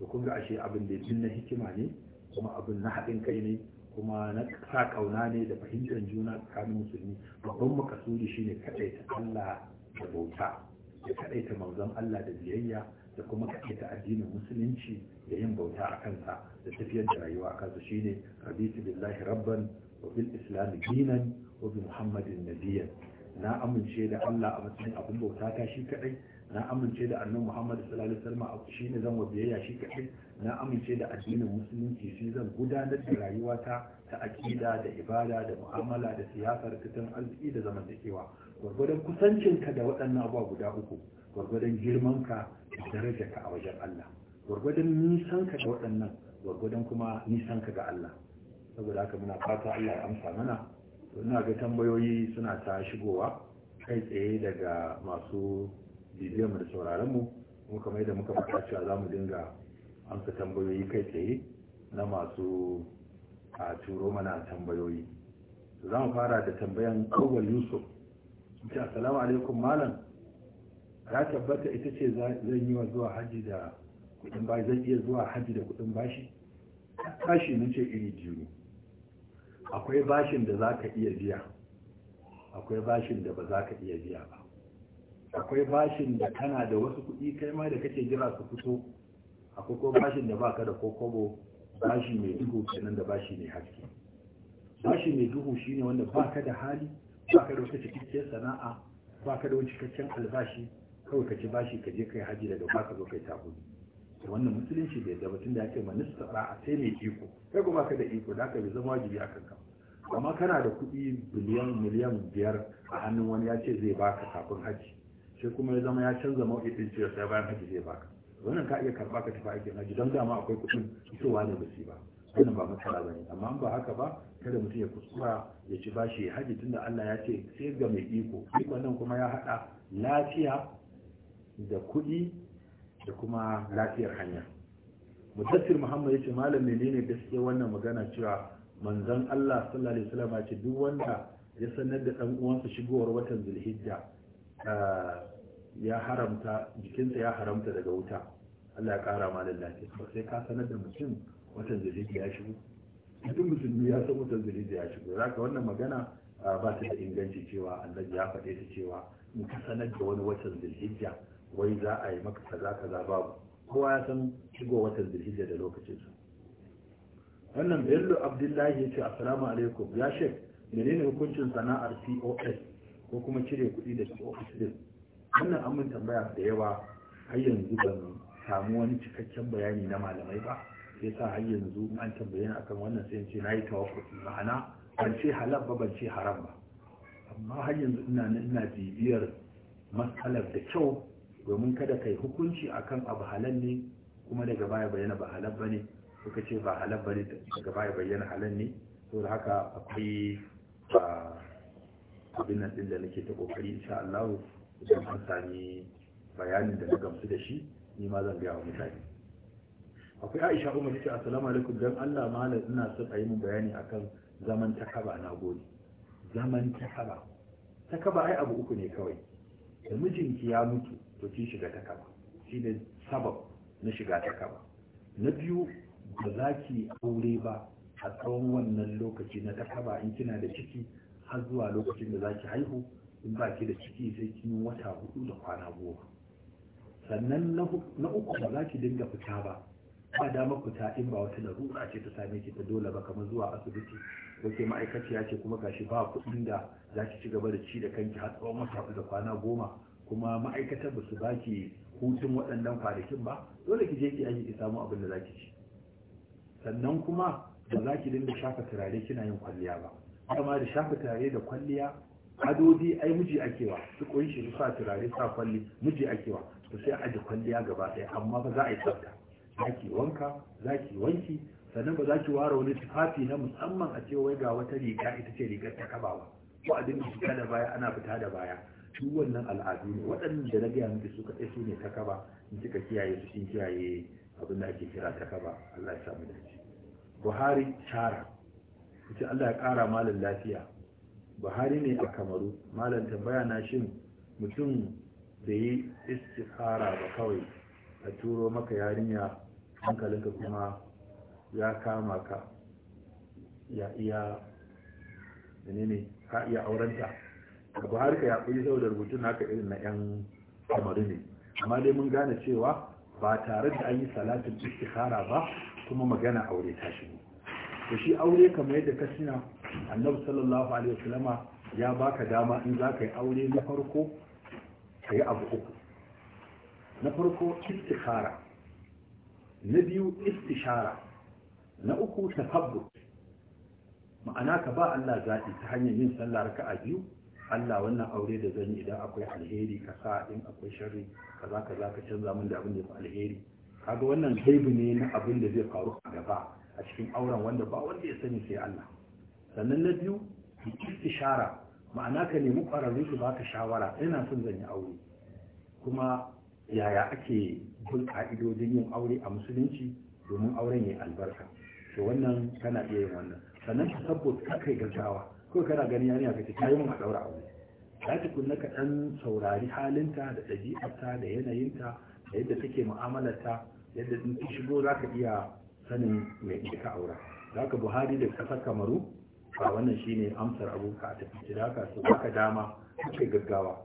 to kun ga ashe abin da na hikima ne kuma abin na haɗin kai ne kuma na sa kauna ne da fahimtar juna tsakanin musulmi babban makasudi shine kaɗaita Allah da bauta da kaɗaita manzon Allah da biyayya da kuma kaɗaita addinin musulunci da yin bauta a kansa da tafiyar da rayuwa a kansa shine rabitu billahi rabban wa bil islam dinan wa bi na amince da Allah a matsayin abin bauta ta shi kadai na amince da annabi Muhammad sallallahu alaihi wasallam a shi ne zan shi kadai na amince da addinin musulunci shi zan gudanar da rayuwata ta aqida da ibada da mu'amala da siyasa da tattalin arziki da zamantakewa gwargwadon kusancinka da waɗannan abubuwa guda uku gwargwadon girmanka da darajarka a wajen Allah gwargwadon nisanka da waɗannan gwargwadon kuma nisanka ga Allah saboda haka muna fata Allah ya amsa mana to ina ga tambayoyi suna ta shigowa kai tsaye daga masu bibiyar mu da sauraron mu kuma kamar yadda muka faɗa cewa za mu dinga amsa tambayoyi kai tsaye na masu a turo mana tambayoyi to za mu fara da tambayan kawal yusuf ce assalamu alaikum malam ya tabbata ita ce zan yi wa zuwa hajji da kudin bashi zan iya zuwa hajji da kuɗin bashi bashi mun ce iri biyu akwai bashin da za ka iya biya akwai bashin da ba za ka iya biya ba akwai bashin da kana da wasu kuɗi kai ma da kake jira su fito akwai ko bashin da baka da kokobo bashi mai duhu kenan da bashi mai haske bashi mai duhu shine wanda baka da hali baka da wata cikakken sana'a baka da wani cikakken albashi kawai ka ci bashi ka je kai haji daga baka zo kai tabuni da wannan musulunci da da batun da ya ce minista a sai mai iko kai kuma ka da iko da ka bi zama wajibi a kanka amma kana da kuɗi biliyan miliyan biyar a hannun wani ya ce zai baka kafin hajji sai kuma ya zama ya canza mawuƙin cewa sai bayan hajji zai baka wannan ka iya karɓa ka tafi aikin hajji don dama akwai kuɗin fitowa ne ba su ba wannan ba matsala ba ne amma ba haka ba kada mutum ya kuskura ya ci bashi ya tun tunda Allah ya ce sai ga mai iko iko nan kuma ya haɗa lafiya da kuɗi da kuma lafiyar hanya mudassir muhammad ya ce malam menene gaskiya wannan magana cewa manzon allah sallallahu alaihi wasallam ce duk wanda ya sanar da dan uwansa shigowar watan zulhijja eh, ya haramta jikinsa ya haramta daga wuta allah ya kara malam lafiya sai ka sanar da mutum watan zulhijja ya shigo duk musulmi ya san watan zulhijja ya shigo zaka wannan magana eh, ba ta da inganci cewa annabi ya faɗe ta cewa in ka sanar da wani watan zulhijja wai za a yi maka kaza kaza babu kowa ya san shigo watan zulhijja da lokacin su wannan bello abdullahi ya ce assalamu alaikum ya shek menene hukuncin sana'ar pos ko kuma cire kuɗi da pos din wannan an mun tambaya da yawa har yanzu ban samu wani cikakken bayani na malamai ba sai sa har yanzu an tambaye ni akan wannan sai ce nayi tawaffuki ma'ana ban ce halal ba ban ce haram ba amma har yanzu ina ina bibiyar matsalar da kyau domin kada kai hukunci akan abu halal ne kuma daga baya bayyana ba halal bane suka ce ba halal bane daga baya bayyana halal ne saboda haka akwai abin nan din da nake ta kokari insha Allah idan an sami bayanin da na gamsu da shi ni ma zan ga wa mutane akwai Aisha Umar ta ce assalamu alaikum dan Allah malam ina son a yi min bayani akan zaman takaba na gode zaman takaba takaba ai abu uku ne kawai da mijinki ya mutu to kin shiga ta kaba shi ne sabab na shiga ta kaba na biyu ba za ki aure ba a tsawon wannan lokaci na ta kaba in kina da ciki har zuwa lokacin da za ki haihu in ba ki da ciki sai kin wata hudu da kwana goma sannan na uku ba za ki dinga fita ba ba dama fita in ba wata larura ce ta same ki ta dole ba kamar zuwa asibiti ke ma'aikaciya ce kuma gashi ba kuɗin da za ki ci gaba da ci da kanki har tsawon wata da kwana goma kuma ma'aikatar ba su baki hutun waɗannan kwanakin ba dole ki je ki aiki ki samu abin da ki ci sannan kuma ba za ki dinga shafa turare kina yin kwalliya ba kuma da shafa turare da kwalliya adodi ai miji wa su kunshi su sa turare sa kwalli miji akewa to sai aje kwalliya gaba ɗaya amma ba za a yi tsafta za ki wanka za ki wanki sannan ba za ki ware wani tufafi na musamman a ce wai ga wata riga ita ce rigar ta kaba ba ko a dinga fita da baya ana fita da baya duk wannan al'adu ne waɗannan da na gaya miki su kaɗai su ne takaba in kika kiyaye su sun kiyaye abin da ake kira takaba Allah ya samu dace Buhari Shara ita Allah ya ƙara malam lafiya Buhari ne a Kamaru malam tambaya na shin mutum da yi istikhara ba kawai a turo maka yarinya hankalinka kuma ya kama ka ya iya menene ka iya aurenta Ba har ka yaƙuri saboda rubutun haka irin na yan kamaru ne amma dai mun gane cewa ba tare da an yi salatin istikhara ba kuma magana aure ta shigo to shi aure kamar yadda ka sina annabi sallallahu alaihi wasallama ya baka dama in za ka yi aure na farko ka yi abu uku na farko istikhara na biyu istishara na uku tafabbut ma'ana ka ba Allah zaɓi ta hanyar yin sallah raka'a biyu Allah wannan aure da zan yi idan akwai alheri ka sa in akwai sharri ka za ka canza min da abin da ya fi alheri kaga wannan haibu ne na abin da zai faru a gaba a cikin auren wanda ba wanda ya sani sai Allah sannan na biyu istishara ma'ana ka nemi ƙwararru su baka shawara ina son zan yi aure kuma yaya ake bin ka'idojin yin aure a musulunci domin auren ya albarka to wannan kana iya yin wannan sannan ka saboda kai gaggawa ko kana gani yarinya kace kai mun a daura aure za ki kunna ka ɗan saurari halinta da ɗabi'arta da yanayinta da yadda take mu'amalarta yadda in ki shigo za ka iya sanin mai ka aura za ka buhari da kasar kamaru ba wannan shine amsar abuka a tafi da haka su ka dama kai gaggawa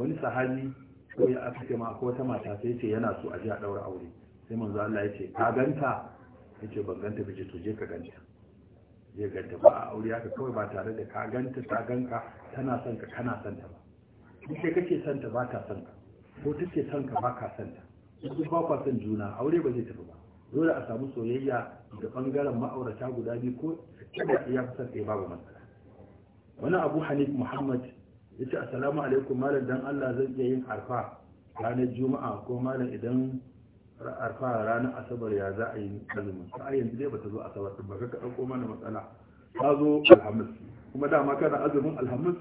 wani sahani ko ya aka ce ma ko wata mata sai ce yana so a ji a daura aure sai manzo Allah ya ce ka ganta yace ban ganta bace to je ka ganta ya ganta ba a aure haka kawai ba tare da ka ganta ta ganka tana son ka kana son ta ba duk da kake son ta ba ka son ka ko take son ka ba ka son ta duk ba son juna aure ba zai tafi ba dole a samu soyayya da bangaren ma'aurata guda biyu ko kada ya fi son babu matsala wani abu hanif muhammad ya ce assalamu alaikum malam dan allah zan iya yin arfa ranar juma'a ko malam idan arfa ranar asabar ya za a yi azumin ta a yanzu dai ta zo asabar ba ka ɗauko mana matsala ta zo alhamis kuma dama kana azumin alhamis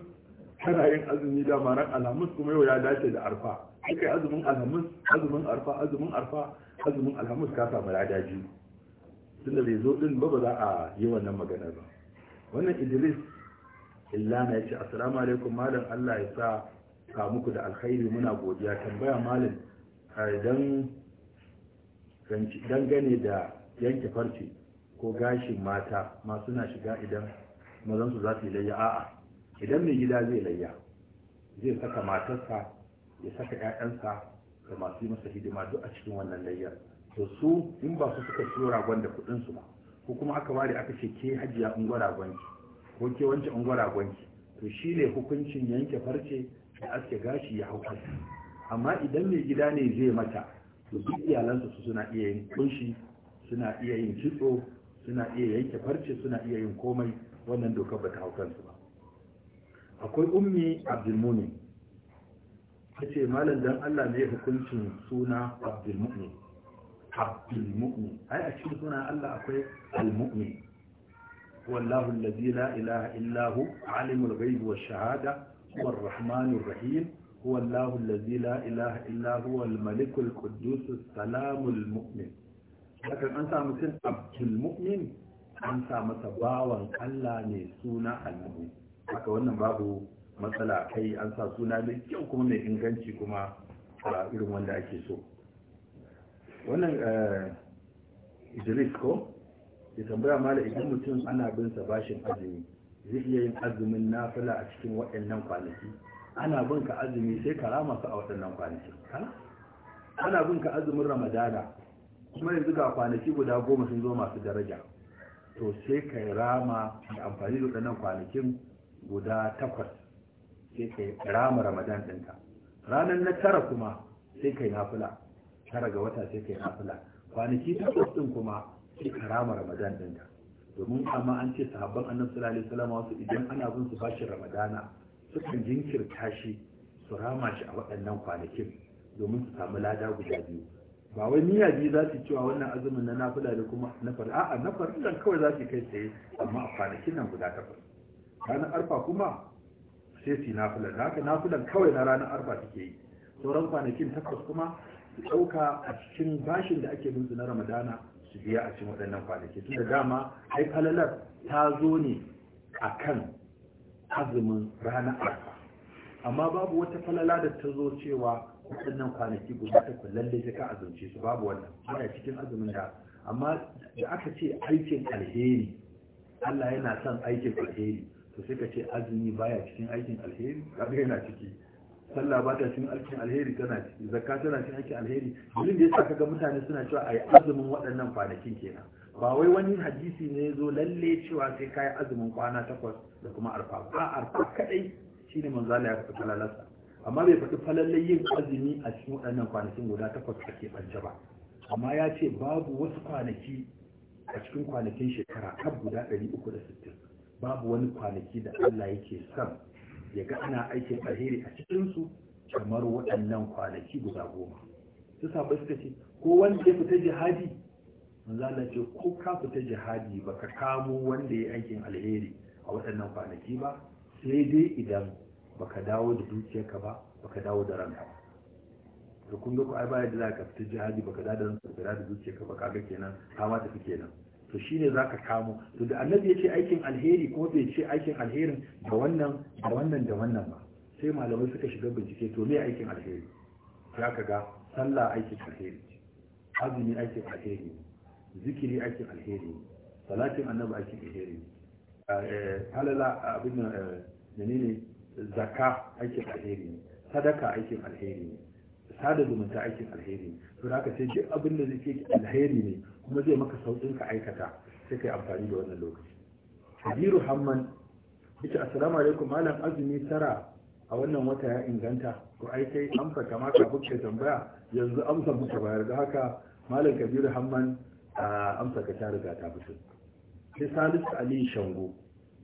kana yin azumi dama ran alhamis kuma yau ya dace da arfa kai azumin alhamis azumin arfa azumin arfa azumin alhamis ka samu ya daji. tunda bai zo din ba ba za a yi wannan maganar ba wannan idris illana ya ce assalamu alaikum malam allah ya sa ka muku da alkhairi muna godiya tambaya malam idan. dangane da yanke farce ko gashin mata ma suna shiga idan mazansu za su yi layya a'a idan mai gida zai layya zai saka matarsa ya saka 'ya'yansa da masu yi masa hidima duk a cikin wannan layyar to su in ba su suka siyo ragon da kuɗin su ba ko kuma aka ware aka ce ke hajiya unguwar ragonki ko ke wancan unguwar ragonki to shi ne hukuncin yanke farce da aske gashi ya hau amma idan mai gida ne zai mata to duk iyalansa su suna iya yin kunshi suna iya yin kitso suna iya yanke farce suna iya yin komai wannan dokar ba ta hau kansu ba akwai ummi abdulmumin ta ce malam dan allah ne hukuncin suna abdulmumin abdulmumin ai a cikin suna allah akwai almumin wallahu allazi la ilaha illahu alimul ghaibi wash shahada huwa arrahmanur rahim هو الله الذي لا إله إلا هو الملك القدوس السلام المؤمن لكن أنت مثل عبد المؤمن أنت متباوى ألا نسونا المؤمن haka wannan babu matsala kai an sa suna mai kyau kuma mai inganci kuma a irin wanda ake so wannan eh, idris ko ya tambaya mala idan mutum ana bin sa bashin azumi zai iya yin azumin nafila a cikin waɗannan kwanaki ana bin ka azumi sai karama su a waɗannan kwanaki ana bin ka azumin ramadana kuma yanzu ga kwanaki guda goma sun zo masu daraja to sai ka rama da amfani da waɗannan kwanakin guda takwas sai ka rama ramadan ɗinka ranar na tara kuma sai ka yi nafula tara ga wata sai ka yi nafula kwanaki takwas ɗin kuma sai ka rama ramadan ɗinka domin amma an ce sahabban annabi sallallahu alaihi wasallam wasu idan ana bin su bashin ramadana sukan jinkirta shi su rama shi a waɗannan kwanakin domin su samu lada guda biyu ba wai niyya biyu za su cewa wannan azumin na nafila da kuma na fara a'a na farin kawai za su kai tsaye amma a kwanakin nan guda takwas ranar arfa kuma sai su yi nafilan da haka nafilan kawai na ranar arfa suke yi sauran kwanakin takwas kuma su ɗauka a cikin bashin da ake binsu na ramadana su biya a cikin waɗannan kwanakin. tun da dama ai falalar ta zo ne a kan azumin ranar arfa amma babu wata falala da ta zo cewa waɗannan kwanaki guda takwas lalle sai ka azumce su babu wannan ana cikin azumin da amma da aka ce aikin alheri Allah yana son aikin alheri to sai ka ce azumi baya cikin aikin alheri kaga yana ciki sallah ba ta cikin aikin alheri tana ciki zakka tana cikin aikin alheri dalilin da yasa kaga mutane suna cewa ai azumin waɗannan kwanakin kenan ba wai wani hadisi ne zo lalle cewa sai kayi azumin kwana takwas da kuma arfa ba arfa kadai shine manzo Allah ya faɗi falalarsa amma bai faɗi falalle yin azumi a cikin waɗannan kwanakin guda takwas ake bance ba amma ya ce babu wasu kwanaki a cikin kwanakin shekara kan guda 360 babu wani kwanaki da Allah yake son ya ga ana aikin alheri a cikinsu kamar waɗannan kwanaki guda goma su sabai suka ce ko wanda ya fita jihadi manzala ce ko ka fita jihadi ba ka kamo wanda ya aikin alheri a waɗannan kwanaki ba sai dai idan ba ka dawo da dukiyarka ba ba ka dawo da ranka ba da kun ga ai baya da za ka fita jihadi ba dawo da ranka baka dawo da dukiyarka ba kaga kenan ka ma tafi kenan to shine ka kamo to da annabi ya ce aikin alheri ko bai ce aikin alherin da wannan da wannan da wannan ba sai malamai suka shiga bincike to me aikin alheri za ka ga sallah aikin alheri azumi aikin alheri zikiri aikin alheri salatin annabi aikin alheri eh, halala abin da eh, ne zaka aikin alheri sadaka aikin alheri sada zumunta aikin alheri to haka sai duk abin da zai alheri ne kuma zai maka saukin ka aikata sai kai amfani da wannan lokaci hadiru hamman yace assalamu alaikum malam azumi tara a wannan wata ya inganta ko ai kai amsa kama ka buke tambaya yanzu amsa muka bayar da haka malam kabiru hamman a amsa ka ta riga ta fito sai salisu ali shango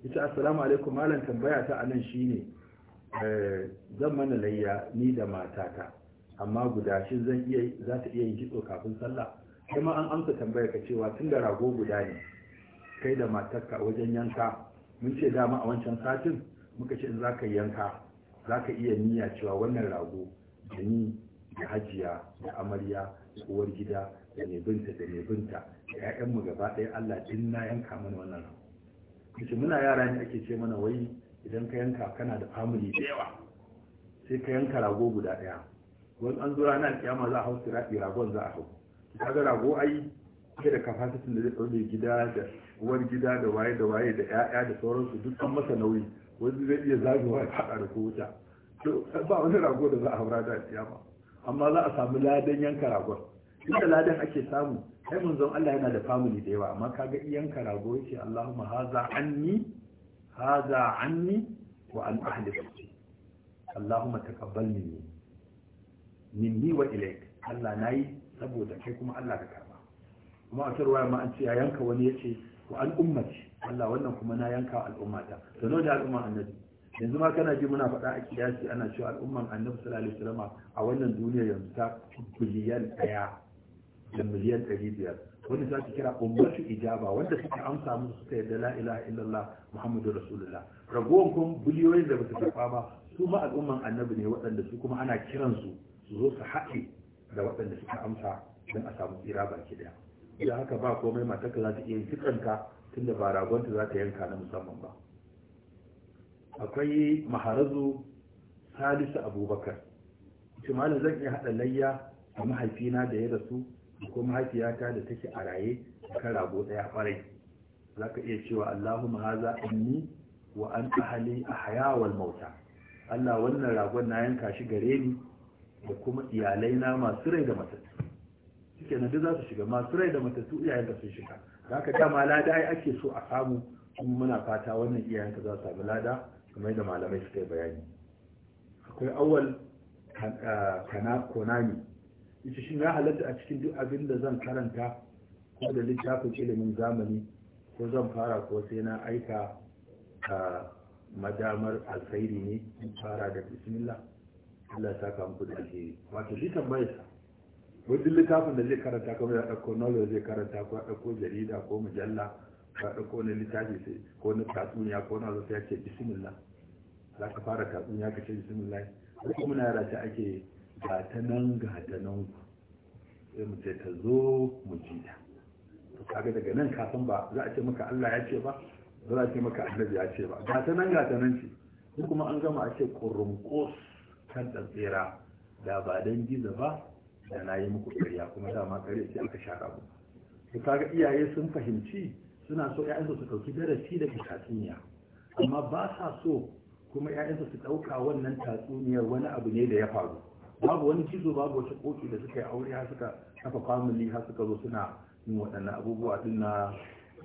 ita assalamu alaikum malam tambaya ta anan shine eh, zan mana layya ni da matata amma guda shi zan iya za ta iya yin kitso kafin sallah kuma an amsa tambaya ka cewa tun da rago guda ne kai da matarka wajen yanka mun ce dama a wancan satin muka ce in za ka yanka za ka iya niyya cewa wannan rago da ni da hajiya da amarya uwar gida da mai binta da mai binta da gaba ɗaya Allah din na yanka mana wannan kace muna yara ne ake ce mana wai idan ka yanka kana da family da yawa sai ka yanka rago guda ɗaya wani an zura ranar kiyama za a hau sirafi ragon za a hau ga rago ai ke da kafasitin da zai ɗaure gida da uwar gida da waye da waye da ƴaƴa da sauransu duk an masa nauyi wani zai iya zagewa ya da ko wuta ba wani rago da za a haura da kiyama amma za a samu ladan yanka ragon inda ladan ake samu kai manzon Allah yana da family da yawa amma kaga yanka rago yake Allahumma haza anni haza anni wa an ahli bayti Allahumma taqabbal minni minni wa ilaik. Allah nayi saboda kai kuma Allah ka karba kuma a tarwaya ma an ce ya yanka wani yace wa al ummati Allah wannan kuma na yanka al'ummata to da al'umma annabi yanzu ma kana ji muna faɗa a kiyasi ana cewa al'umman annabi sallallahu alaihi wasallam a wannan duniyar yanzu ta biliyan daya da miliyan ɗari biyar wanda za su kira ummatu ijaba wanda suka amsa musu suka yarda la ilaha illallah muhammadu rasulullah ragowar kuma biliyoyin da basu karɓa ba su ma al'umman annabi ne waɗanda su kuma ana kiransu su zo su haɗe da waɗanda suka amsa don a samu tsira baki ɗaya idan haka ba komai matarka za ta iya fitanka tunda ba ragonta za ta yanka na musamman ba akwai maharazu salisu abubakar shi malam zan iya haɗa layya a mahaifina da ya rasu da kuma mahaifiyata da take a raye a kan rago ɗaya ƙwarai za ka iya cewa allahu haza anni wa an ahali a hayawal mauta allah wannan ragon na yanka shi gare ni da kuma iyalaina masu rai da matattu suke na duk za su shiga masu rai da matattu da sun shiga za ka dama lada ai ake so a samu kuma muna fata wannan iyayenka za su samu lada kamar yadda malamai suka yi bayani akwai awal ah, konami ita shi ya halatta a cikin duk abin da zan karanta ko da littafin ilimin zamani ko zan fara ko sai na aika a ah, madamar alkhairi ne in fara da bismillah Allah ta ka ku da alheri wato shi tambayar sa wani littafin da zai karanta kamar ya ɗauko novel zai karanta ko ya ɗauko jarida ko mujalla ka ɗauko wani littafi sai ko na tatsuniya ko na zafi ya ce bismillah za ka fara tatsuniya ka ce bismillah ko muna yara ta ake ga ta nan ga ta nan sai mu ce ta zo mu ji ta to kaga daga nan ka san ba za a ce maka Allah ya ce ba ba za a ce maka annabi ya ce ba ga ta nan ga ta nan ce kuma an gama a ce kurumkos kan tsira da ba dan giza ba da na yi muku ƙarya kuma dama ƙarya sai aka shara mu to kaga iyaye sun fahimci suna so ‘ya'yansu su ɗauki darasi daga tatsuniya amma ba sa so kuma ‘ya'yansu su ɗauka wannan tatsuniyar wani abu ne da ya faru babu wani cizo babu wata koki da suka yi aure har suka kafa family har suka zo suna yin waɗannan abubuwa din na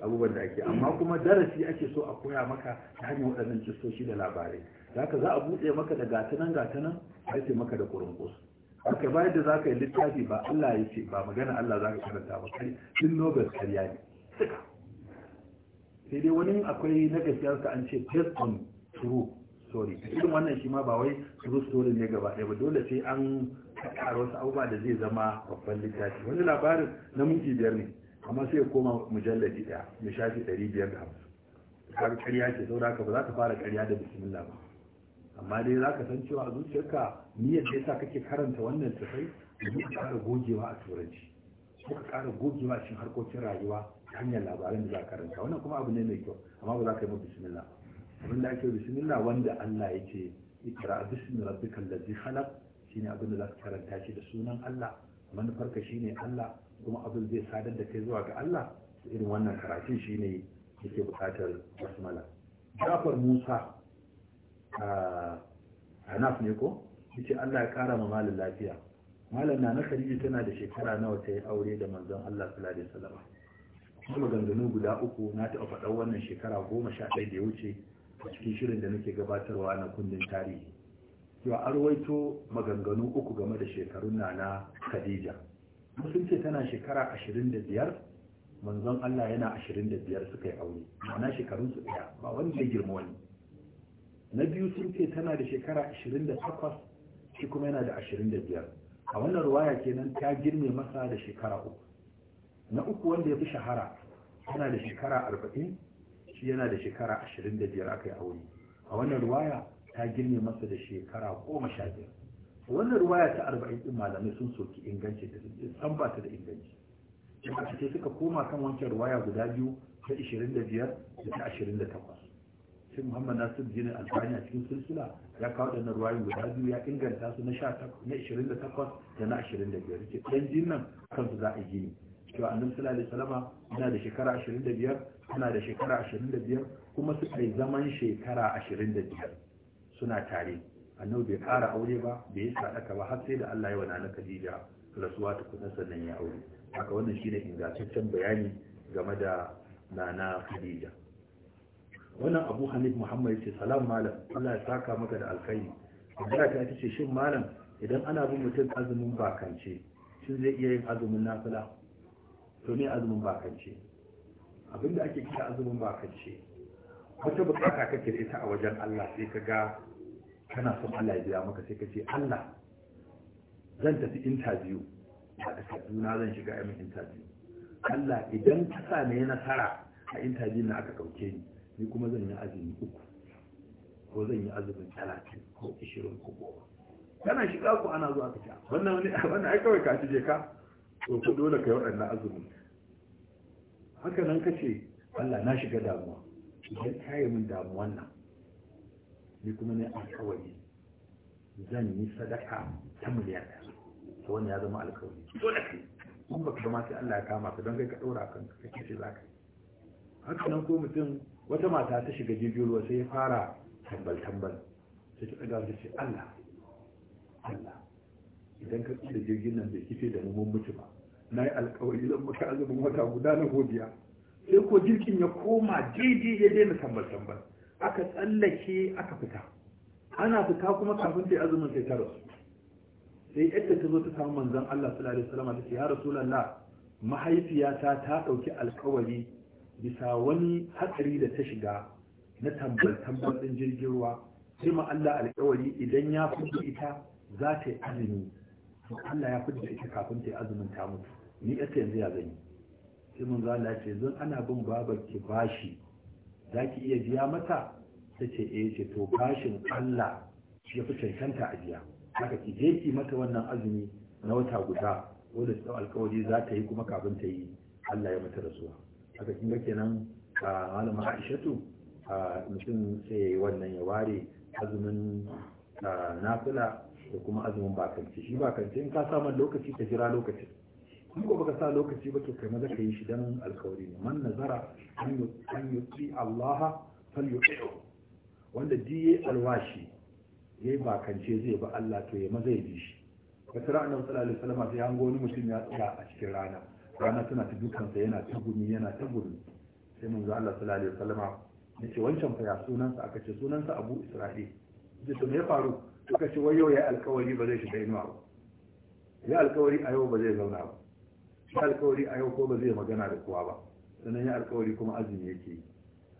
abubuwan da ake amma kuma darasi ake so a koya maka ta hanyar waɗannan cistoshi da labarai zaka ka za a buɗe maka da gatanan gatanan a ce maka da kurunkus aka bayan da za ka yi littafi ba Allah ya ce ba magana Allah za ka karanta ba kai din Nobel karya ne sai dai wani akwai na gaskiyarsa an ce based on true story irin wannan shi ma ba wai true story ne gaba ɗaya ba dole sai an ƙara wasu abubuwa da zai zama babban littafi wani labarin na minti biyar ne amma sai ya koma mujallaji ɗaya mai shafi ɗari biyar da hamsin har karya ce sau da ba za ka fara karya da bismillah ba amma dai za ka san cewa a zuciyarka niyyar da yasa kake karanta wannan tafai da ka kara gogewa a turanci ko ka ƙara gogewa a cikin harkokin rayuwa hanyar labarin da za ka karanta wannan kuma abu ne mai kyau amma ba za ka yi mafi bismillah abin da ake bismillah wanda Allah ya ce ikra bismi rabbikal ladzi shi shine abin da za ka karanta shi da sunan Allah manufarka shine Allah kuma abin zai sadar da kai zuwa ga Allah irin wannan karatun shine yake bukatar basmala Jafar Musa ah, Hanaf ne ko yace Allah ya kara ma malin lafiya malam na na tana da shekara nawa ta yi aure da manzon Allah sallallahu alaihi wasallam kuma maganganu guda uku na taɓa faɗar wannan shekara goma sha ɗaya da ya wuce a cikin shirin da nake gabatarwa na kundin tarihi yau a rawaito maganganu uku game da shekarun na na khadija sun ce tana shekara ashirin da biyar manzon allah yana ashirin da biyar suka yi aure ma'ana shekarun su ɗaya ba wani ya girma wani na biyu sun ce tana da shekara ashirin da takwas shi kuma yana da ashirin da biyar a wannan ruwaya kenan ta girme masa da shekara uku na uku wanda ya fi shahara yana da shekara arba'in shi yana da shekara ashirin da biyar aka yi aure a wannan ruwaya ta girme masa da shekara goma sha biyar wannan ruwaya ta arba'in ɗin malamai sun soki inganci da san ba ta da inganci jama'a ce suka koma kan wancan ruwaya guda biyu ta ashirin da biyar da ta ashirin da takwas sai muhammad nasir jinin alfani a cikin silsila ya kawo da ruwayoyi guda biyu ya inganta su na ashirin da takwas da na ashirin da biyar ce ɗan jinnan kansu za a gini cewa annabi sallallahu alaihi yana da shekara 25 yana da shekara 25 kuma su yi zaman shekara 25 suna tare annabi bai ƙara aure ba bai yi sadaka ba har sai da Allah ya wa Nana Khadija rasuwa ta kusan sannan ya aure haka wannan shine ingantaccen bayani game da nana Khadija wannan Abu Hanif Muhammad ce salam malam Allah ya saka maka da alkhairi Allah ta ce shin malam idan ana bin mutum azumin bakance shin zai iya yin azumin nafila to ne azumin bakance abinda ake kira azumin bakance wata bukata kake da ita a wajen Allah sai ka ga kana son Allah ya biya maka sai ka ce Allah zan tafi interview a Kaduna zan shiga amin interview Allah idan ka sa ne nasara a interview na aka dauke ni ni kuma zan yi azumi uku ko zan yi azumin talatin ko ishirin ko goma kana shiga ku ana zuwa ka ci wannan wani [LAUGHS] wannan ai kawai ka ci je ka to ku dole kai waɗannan azumin haka nan ka ce Allah na shiga damuwa idan ka min damuwan nan ni kuma ne alkawari zan yi sadaka ta miliyan ɗaya to wannan ya zama alkawari dole kai kun baka ba ma sai Allah ya kama ka don kai ka ɗora kanka kake ce za ka yi haka nan ko mutum wata mata ta shiga jirgin ruwa sai ya fara tambal-tambal sai ta ɗaga ta ce Allah Allah idan ka da jirgin nan bai kife da mu mun mutu ba na yi alkawari zan maka azumin wata guda na godiya sai ko jirgin ya koma daidai ya daina tambar tambar aka tsallake aka fita ana fita kuma kafin ta azumin sai ta rasu sai yadda ta zo ta samu manzon Allah sallallahu alaihi wasallam ta ce ya rasulullah mahaifiyata ta dauki alkawari bisa wani hatsari da ta shiga na tambal tambar din jirgin ruwa sai ma Allah alkawari idan ya fi ita za ta yi azumi Allah ya da ita kafin ta yi azumin ta mutu ni ita yanzu ya zanyi sai mun Allah ce zan ana bin babar ki bashi za ki iya biya mata ta ce eh ce to kashin Allah ya fi cancanta a jiya. haka ki je ki mata wannan azumi na wata guda wanda su alkawari za ta yi kuma kafin ta yi Allah ya mata rasuwa haka kin ga kenan a malama Aishatu mutum sai wannan ya ware azumin nafila da kuma azumin bakance shi bakance in ka samu lokaci ka jira lokacin in ko baka sa lokaci ba to kai maza ka yi shi dan alkawari ne man nazara an yuti Allah fal yuti'u wanda diye alwashi yayi kance zai ba Allah to ya maza ya bi shi wata ra'ana sallallahu alaihi wasallam sai hango wani mutum ya tsaya a cikin rana rana tana ta dukansa yana ta gumi yana ta gumi sai manzo Allah sallallahu alaihi wasallam ce wancan fa ya sunansa aka ce sunansa Abu Isra'il zai to me ya faru suka ce wai yau ya alkawari ba zai shiga inuwa ba ya alkawari a yau ba zai zauna ba shi alkawari a yau ko ba zai magana da kowa ba sannan ya alkawari kuma azumi yake yi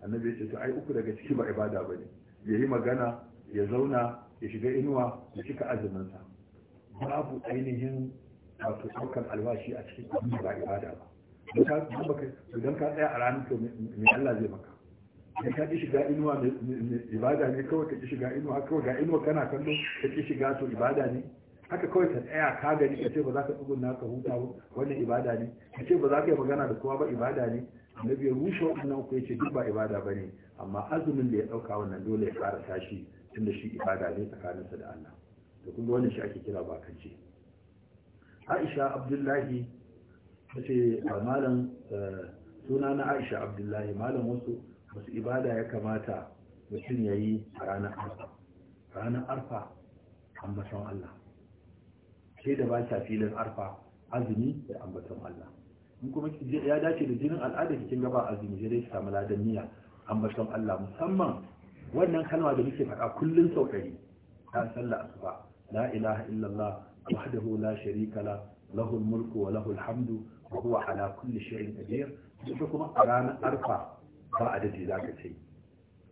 annabi ya ce to ai uku daga ciki ba ibada bane ya yi magana ya zauna ya shiga inuwa ya cika azuminsa babu ainihin wato ɗaukar albashi a cikin abin ba ibada ba idan ka tsaya a ranar to me Allah zai maka idan ka ƙi shiga inuwa ibada ne kawai ka ƙi shiga inuwa kawai ga inuwa kana kallo ka ƙi shiga to ibada ne haka kawai ka tsaya ka gani ka ce ba za ka tsugun ka huta wannan ibada ne ka ce ba za ka yi magana da kowa ba ibada ne na ya rushe waɗannan uku ya ce duk ba ibada ba ne amma azumin da ya ɗauka wannan dole ya fara tashi tunda shi ibada ne tsakaninsa da Allah da kuma wannan shi ake kira bakance Aisha Abdullahi ta ce malam eh, suna na Aisha Abdullahi malam wasu wasu ibada ya kamata mutum ya yi a ranar arfa ranar arfa an Allah sai da ba ta filin arfa azumi da ambaton Allah in kuma ya dace da jinin al'ada kin gaba azumi sai dai su samu ladan niyya ambaton Allah musamman wannan kalma da muke faɗa kullum sau ɗari ta sallah asuba la ilaha illallah wahdahu la sharika la lahul mulku wa lahul hamdu, wa huwa ala kulli shay'in qadir ita kuma a ranar arfa ba adadi ka ce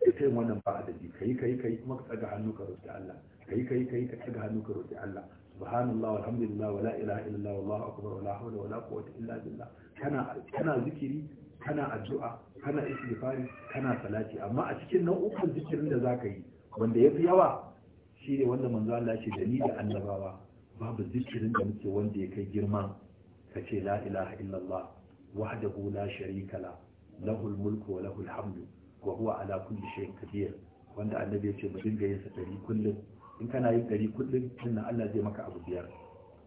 ita wannan ba adadi kai kai kai kuma ka tsaga hannu ka roƙi Allah kai kai kai ka tsaga hannu ka roƙi Allah subhanallah walhamdulillah wala ilaha illallah wallahu akbar wala hawla wala quwwata illa billah kana zikiri kana addu'a kana istighfari kana salati amma a cikin nau'ukan zikirin da zaka yi wanda ya fi yawa shine wanda manzo Allah da ni da annabawa babu zikirin da muke wanda ya kai girma ka ce la ilaha illallah wahdahu la sharika lahul mulku wa lahul hamdu wa huwa ala kulli shay'in qadir wanda annabi ya ce mu dinga yin sa kullum in kana yin ɗari kullum sannan Allah zai maka abu biyar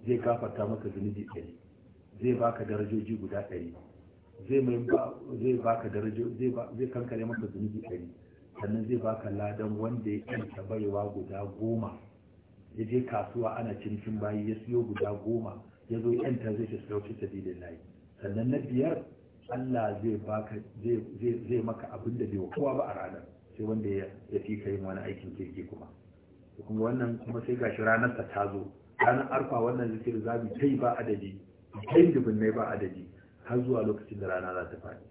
zai kafarta maka zunubi ɗari zai baka darajoji guda ɗari zai mai zai baka darajo zai zai kankare maka zunubi ɗari sannan zai baka ladan wanda ya kanta baiwa guda goma ya je kasuwa ana cinikin bayi ya siyo guda goma ya zo yanta zai ta siyo fi sabilin layi sannan na biyar Allah zai baka zai maka abin da bai kowa ba a ranar sai wanda ya fi ka yin wani aikin kirki kuma kuma wannan kuma sai gashi ranar ta zo ranar arfa wannan zikir za kai ba adadi kai mai ba adadi har zuwa lokacin da rana za ta faɗi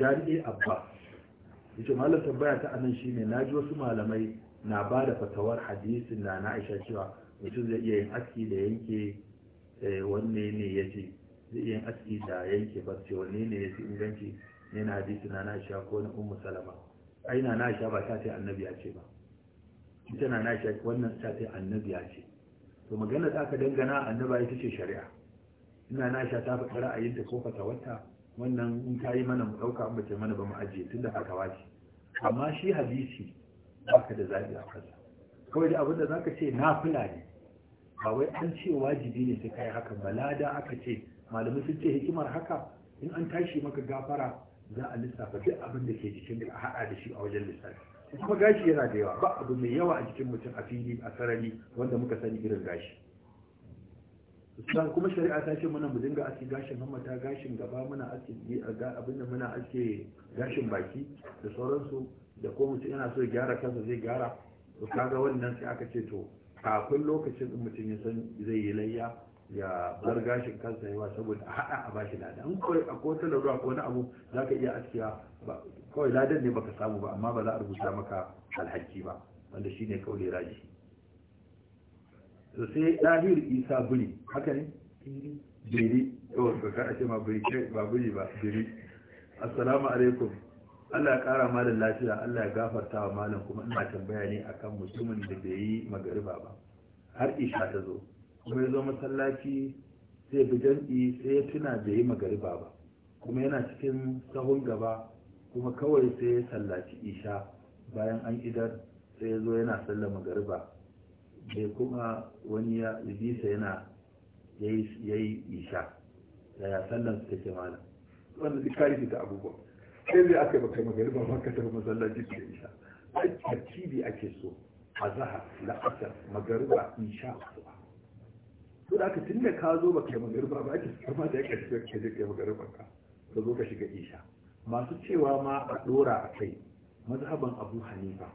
jari'i abba yace malam tambaya ta anan shine naji wasu malamai na ba da fatawar hadisi na na aisha cewa mutum zai iya yin aski da yanke eh, wanne ne ya ce zai iya yin aski da yanke barci wanne ne ya ce inganci ne na hadisin na na aisha ko na ummu salama aina na aisha ba ta ce annabi ya ce ba ita na na shi wannan ta annabiya annabi ya ce to magana da ka dangana annaba ita ce shari'a ina na sha ta faɗi ta ko wata wannan in ta yi mana mu ɗauka an bace mana ba mu ajiye tun da fatawa ce amma shi hadisi baka da zaɓi a kansa kawai da abin da zaka ce na fula ne ba wai an ce wajibi ne sai kai haka balada aka ce malamai sun ce hikimar haka in an tashi maka gafara za a lissafa duk abin da ke jikin ka a haɗa da shi a wajen lissafi kuma gashi yana da yawa ba abu mai yawa a jikin mutum a fili a sarari wanda muka sani irin gashi kuma shari'a ta ce mana mu dinga aski gashin hammata gashin gaba muna aski abin muna aske gashin baki da sauransu da ko mutum yana so ya gyara kansa zai gyara to kaga wannan sai aka ce to kafin lokacin in mutum ya san zai yi layya ya bar gashin kansa yawa saboda a haɗa a bashi lada in kawai a ko da ruwa ko wani abu za ka iya askiya kawai ladan ne baka samu ba amma ba za a rubuta maka alhaki ba wanda shine kaule raji to sai dahir isa buri haka ne biri to ka ce ma ce ba buri ba biri assalamu alaikum Allah ya kara malam lafiya Allah ya gafarta wa malam kuma ina tambaya ne akan mutumin da bai yi magariba ba har isha ta zo kuma ya zo masallaci sai bi jam'i sai ya tuna bai yi magariba ba kuma yana cikin sahun gaba kuma kawai sai ya sallaci isha bayan an idar sai ya zo yana sallar magariba bai kuma wani ya ibisa yana ya yi isha ya sallar su take mana wannan duk kari ta abubuwa sai zai aka baka magariba ba ka tafi masallaci su isha ai tartibi ake so a zaha la'asar magariba insha asuba to da aka da ka zo baka magariba ba ake kama da ya shiga ka je yi magariba ka ka zo ka shiga isha masu cewa ma a ɗora a kai mazhaban abu hanifa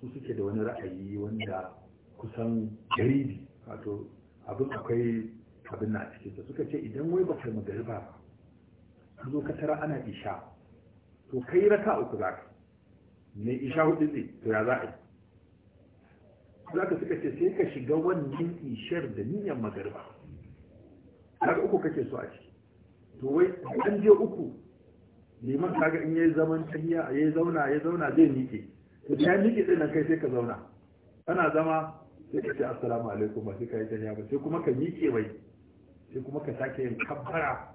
su suke da wani ra'ayi wanda kusan garibi wato abin akwai abin na sa suka ce idan wai bakar magariba ba ka zo ka tara ana isha to kai raka uku za ka ne isha hudu ne to ya za a yi za ka suka ce sai ka shiga wannan ishar da niyyar magariba har uku kake so a ciki to wai an je uku neman kaga in yayi zaman tahiya a yayi zauna ya zauna zai miƙe to ya miƙe din nan kai sai ka zauna kana zama sai ka ce assalamu alaikum ba sai ka yi tahiya ba sai kuma ka miƙe bai sai kuma ka sake yin kabbara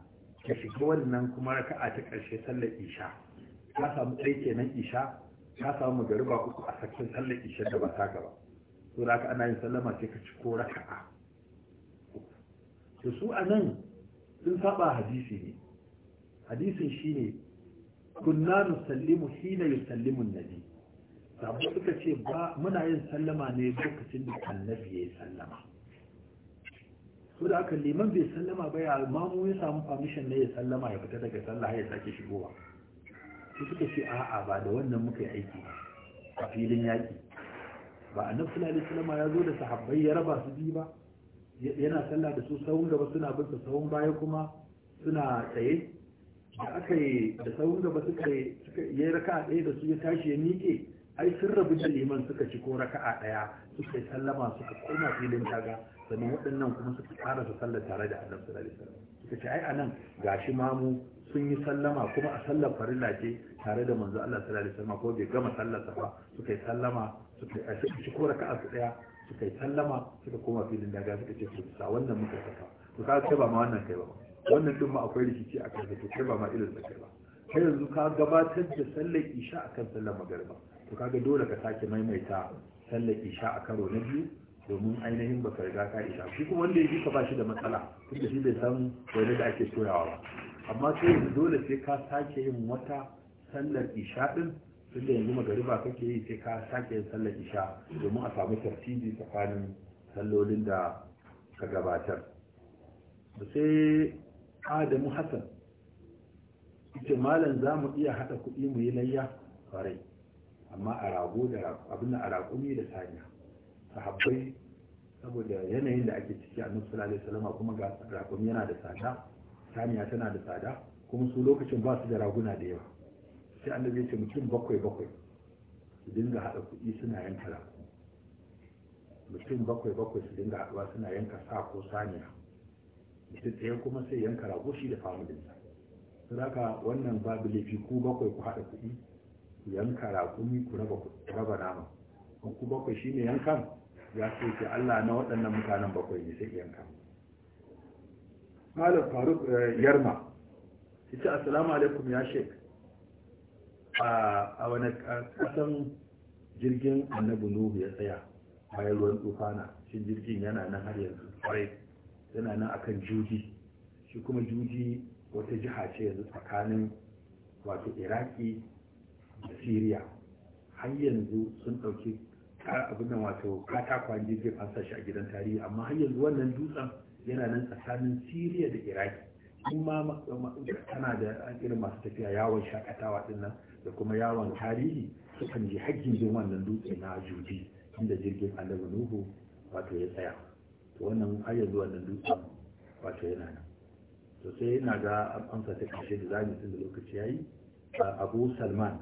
ka shiga wannan kuma raka'a ta karshe sallar isha ka samu ɗai kenan isha ka samu magariba uku a sakin sallar isha da ba ta gaba to da ana yin sallama sai ka ci ko raka'a to su a sun saba hadisi ne hadisin shine kunna nusallimu shine yusallimu nabi sabu suka ce ba muna yin sallama ne lokacin da annabi ya yi sallama Ko da aka liman bai sallama ba ya mamu ya samu permission ne ya sallama ya fita daga sallah ya sake shigowa su suka ce a'a ba da wannan muka yi aiki a filin yaki ba a sallallahu alaihi Sallama ya zo da sahabbai ya raba su bi ba yana sallah da su sahun gaba suna bin sahun baya kuma suna tsaye da aka yi da sauran gaba suka yi raka a ɗaya da su ya tashi ya miƙe ai sun rabu da liman suka ci ko a ɗaya suka yi sallama suka koma filin daga sannan waɗannan kuma suka ƙara su sallar tare da annabi sallallahu alaihi wasallam suka ce ai anan gashi mu sun yi sallama kuma a sallar farilla ce tare da manzo Allah sallallahu alaihi wasallam ko bai gama sallar ba suka yi sallama suka yi ci ko raka a ɗaya suka yi sallama suka koma filin daga suka ce su sa wannan muka saka to ka ba ma wannan kai ba wannan din ma akwai rikici a kan to kai ba ma irin kai ba kai yanzu ka gabatar da sallar isha akan sallar magariba to kaga dole ka sake maimaita sallar isha a karo na biyu domin ainihin ba ka riga ka isha shi kuma wanda ya ji ka ba shi da matsala tunda shi bai san wani da ake soyawa ba amma sai yanzu dole sai ka sake yin wata sallar isha din tunda yanzu magariba kake yi sai ka sake yin sallar isha domin a samu tartibi tsakanin sallolin da ka gabatar sai adamu hassan ita malam za mu iya haɗa kuɗi mu yi layya farai amma a rago da abin a raƙumi da saniya sahabbai saboda yanayin da ake ciki a nufsula alaihi salama kuma ga raƙumi yana da tsada saniya tana da tsada kuma su lokacin ba su da raguna da yawa sai annabi ya ce mutum bakwai bakwai su dinga haɗa kuɗi suna yanka raƙumi mutum bakwai bakwai su dinga haɗuwa suna yanka sa ko saniya ita tsaye kuma sai yanka rago shi da familinsa haka wannan babu laifi ku bakwai ku haɗa kuɗi ku yanka raƙumi ku raba raba nama ku bakwai shine yankan ya ce ce Allah na waɗannan mutanen bakwai ne sai yanka. Malam Faruk eh, Yarma ita assalamu alaikum ya shek a wani kasan jirgin annabi Nuhu ya tsaya bayan ruwan tufana shi jirgin yana nan har yanzu yana nan akan juji shi kuma juji wata jiha ce yanzu tsakanin wato iraki da syria har yanzu sun ɗauki abin nan wato katakon jirgin an shi a gidan tarihi amma har yanzu wannan dutsen yana nan tsakanin syria da iraki in ma tana da irin masu tafiya yawon shakatawa din nan da kuma yawon tarihi sukan je hajjin wannan dutse na juji inda jirgin annabi nuhu wato ya tsaya wannan har yanzu wannan dutsen wato yana nan to sai yana ga amsa ta kashe da zami tun da lokaci yayi abu salman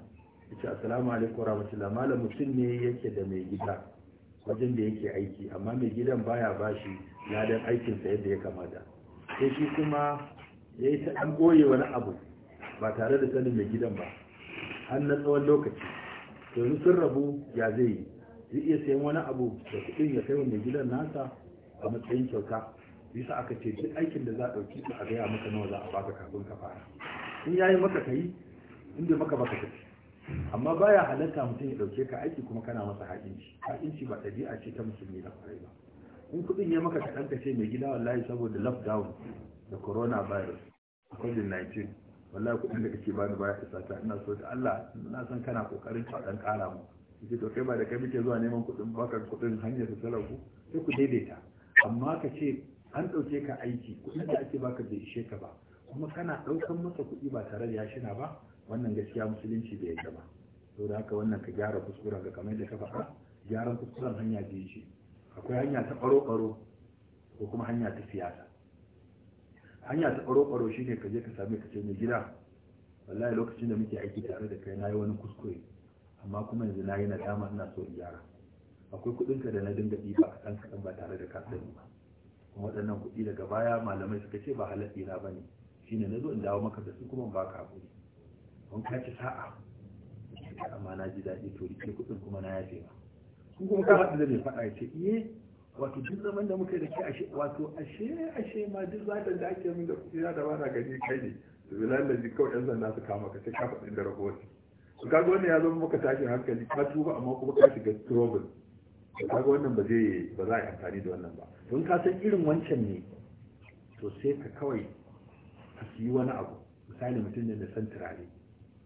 yace assalamu alaikum rahmatullah malam mutum ne yake da mai gida wajen da yake aiki amma mai gidan baya bashi ladan aikin sa yadda ya kamata sai shi kuma yayi ta dan goye wani abu ba tare da sanin mai gidan ba har na tsawon lokaci to sun rabu ya zai yi zai iya sayan wani abu da kuɗin ya kai wa mai gidan nasa a matsayin kyauta bisa aka ce duk aikin da za a ɗauki a gaya maka nawa za a baka kafin ka fara in yayi maka yi in bai maka baka tafi amma baya halatta mutum ya ɗauke ka aiki kuma kana masa haƙinci haƙinci ba ɗabi'a ce ta musulmi da kwarai ba in kuɗin ya maka kaɗan ka ce mai gida wallahi saboda lockdown da coronavirus covid-19 wallahi kuɗin da kake bani baya isa ta ina so da Allah na san kana kokarin ka ɗan ƙara mu yace to kai ba da kai muke zuwa neman kuɗin baka kuɗin hanyar da ta sai ku daidaita amma ka ce an ɗauke ka aiki kuɗin da ake baka bai ishe ka ba kuma kana ɗaukan masa kuɗi ba tare da yashina ba wannan gaskiya musulunci bai yadda ba to da haka wannan ka gyara kuskuren ka kamar da ka faɗa gyaran kuskuren hanya biyu ce akwai hanya ta ɓaro-ɓaro ko kuma hanya ta siyasa hanya ta ɓaro-ɓaro shine ka je ka same ka ce mai gida wallahi lokacin da muke aiki tare da kai na yi wani kuskure amma kuma yanzu na yi nadama ina so in gyara akwai kudinka da na dinga ɗiba a kan kaɗan ba tare da ka sani ba kuma waɗannan kuɗi daga baya malamai suka ce ba halatti na ba ne Shi ne na zo in dawo maka da su kuma ba ka haƙuri don ka ci sa'a amma na ji daɗi to rike kuɗin kuma na yafe ma kun kuma ka haɗu da mai faɗa ya ce iye eh, wato duk zaman da muka yi da ke ashe wato ashe ashe ma duk zaɗin da ake min da kuɗi na da ba na gani kai ne da bilal da ji kawai ɗan sanda su kama ka sai ka faɗi da rahoto su kaga wannan ya zama maka tashin hankali ka tuba amma kuma ka shiga trouble kaga wannan ba zai ba za a amfani da wannan ba don ka san irin wancan ne to sai ka kawai ka siyi wani abu misali mutum ne mai san turare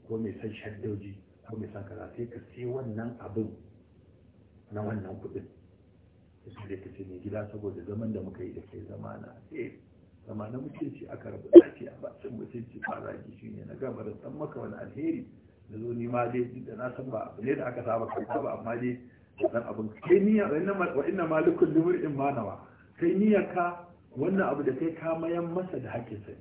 ko mai san shaddoji ko mai san kaza sai ka siyi wannan abin na wannan kuɗin sai da kace mai gida saboda zaman da muka yi da kai zama na eh zama na mutunci aka rabu a ba sun mutunci ba zaki shi ne na ga san maka wani alheri da zo ni ma dai da na san ba abu ne da aka saba kanta ba amma dai dan abin kai niyya wa inna malikul ma nawa kai niyya ka wannan abu da kai ka mayan masa da hakkin sa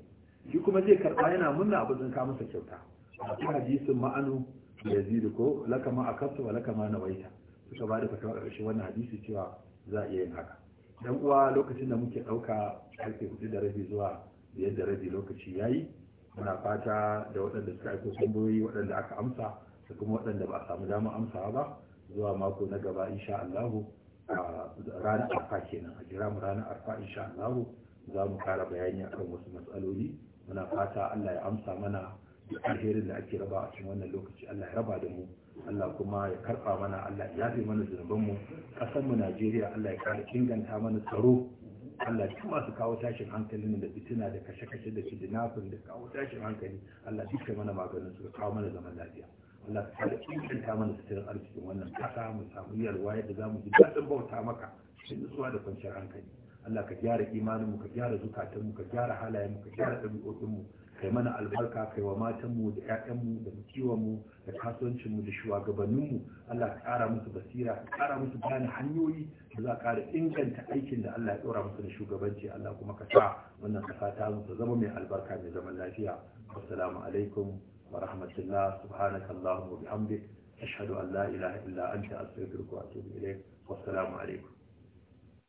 shi kuma zai karba yana munna abu zan ka masa kyauta a hadisin ma'anu yazidu ko laka ma akasu wa laka ma nawaita suka ba da fatawa ƙarshe wannan hadisi cewa za a iya yin haka dan uwa lokacin da muke ɗauka karfe hudu da rabi zuwa biyar da rabi lokaci yayi muna fata da waɗanda suka aiko tambayoyi waɗanda aka amsa da kuma waɗanda ba a samu damar amsawa ba zuwa mako na gaba insha Allah ranar arfa kenan a jira mu ranar arfa insha Allah za mu kara bayani akan wasu matsaloli muna fata Allah ya amsa mana duk alherin da ake raba a cikin wannan lokaci Allah ya raba da mu Allah kuma ya karfa mana Allah ya yafe mana zunuban mu, kasan mu Najeriya Allah ya kara inganta mana tsaro Allah duk masu kawo tashin hankali da fitina da kashe-kashe da kidnapping da kawo tashin hankali Allah duk mana maganin su kawo mana zaman lafiya Allah ka da inganta mana tattalin arzikin wannan kasa mu samu yalwa yadda za mu ji daɗin bauta maka cikin nutsuwa da kwanciyar hankali Allah ka gyara imanin mu ka gyara zukatan mu ka gyara halayen ka gyara ɗabi'o'in mu kai mana albarka kai wa matanmu da 'ya'yanmu da kiwonmu da kasuwancinmu da shugabanninmu Allah ka ƙara musu basira ka ƙara musu gane hanyoyi da za ƙara inganta aikin da Allah ya ɗora musu da shugabanci Allah kuma ka sa wannan ƙasa ta zama mai albarka mai zaman lafiya assalamu alaikum ورحمة الله سبحانك اللهم وبحمدك أشهد أن لا إله إلا أنت أستغفرك وأتوب إليك والسلام عليكم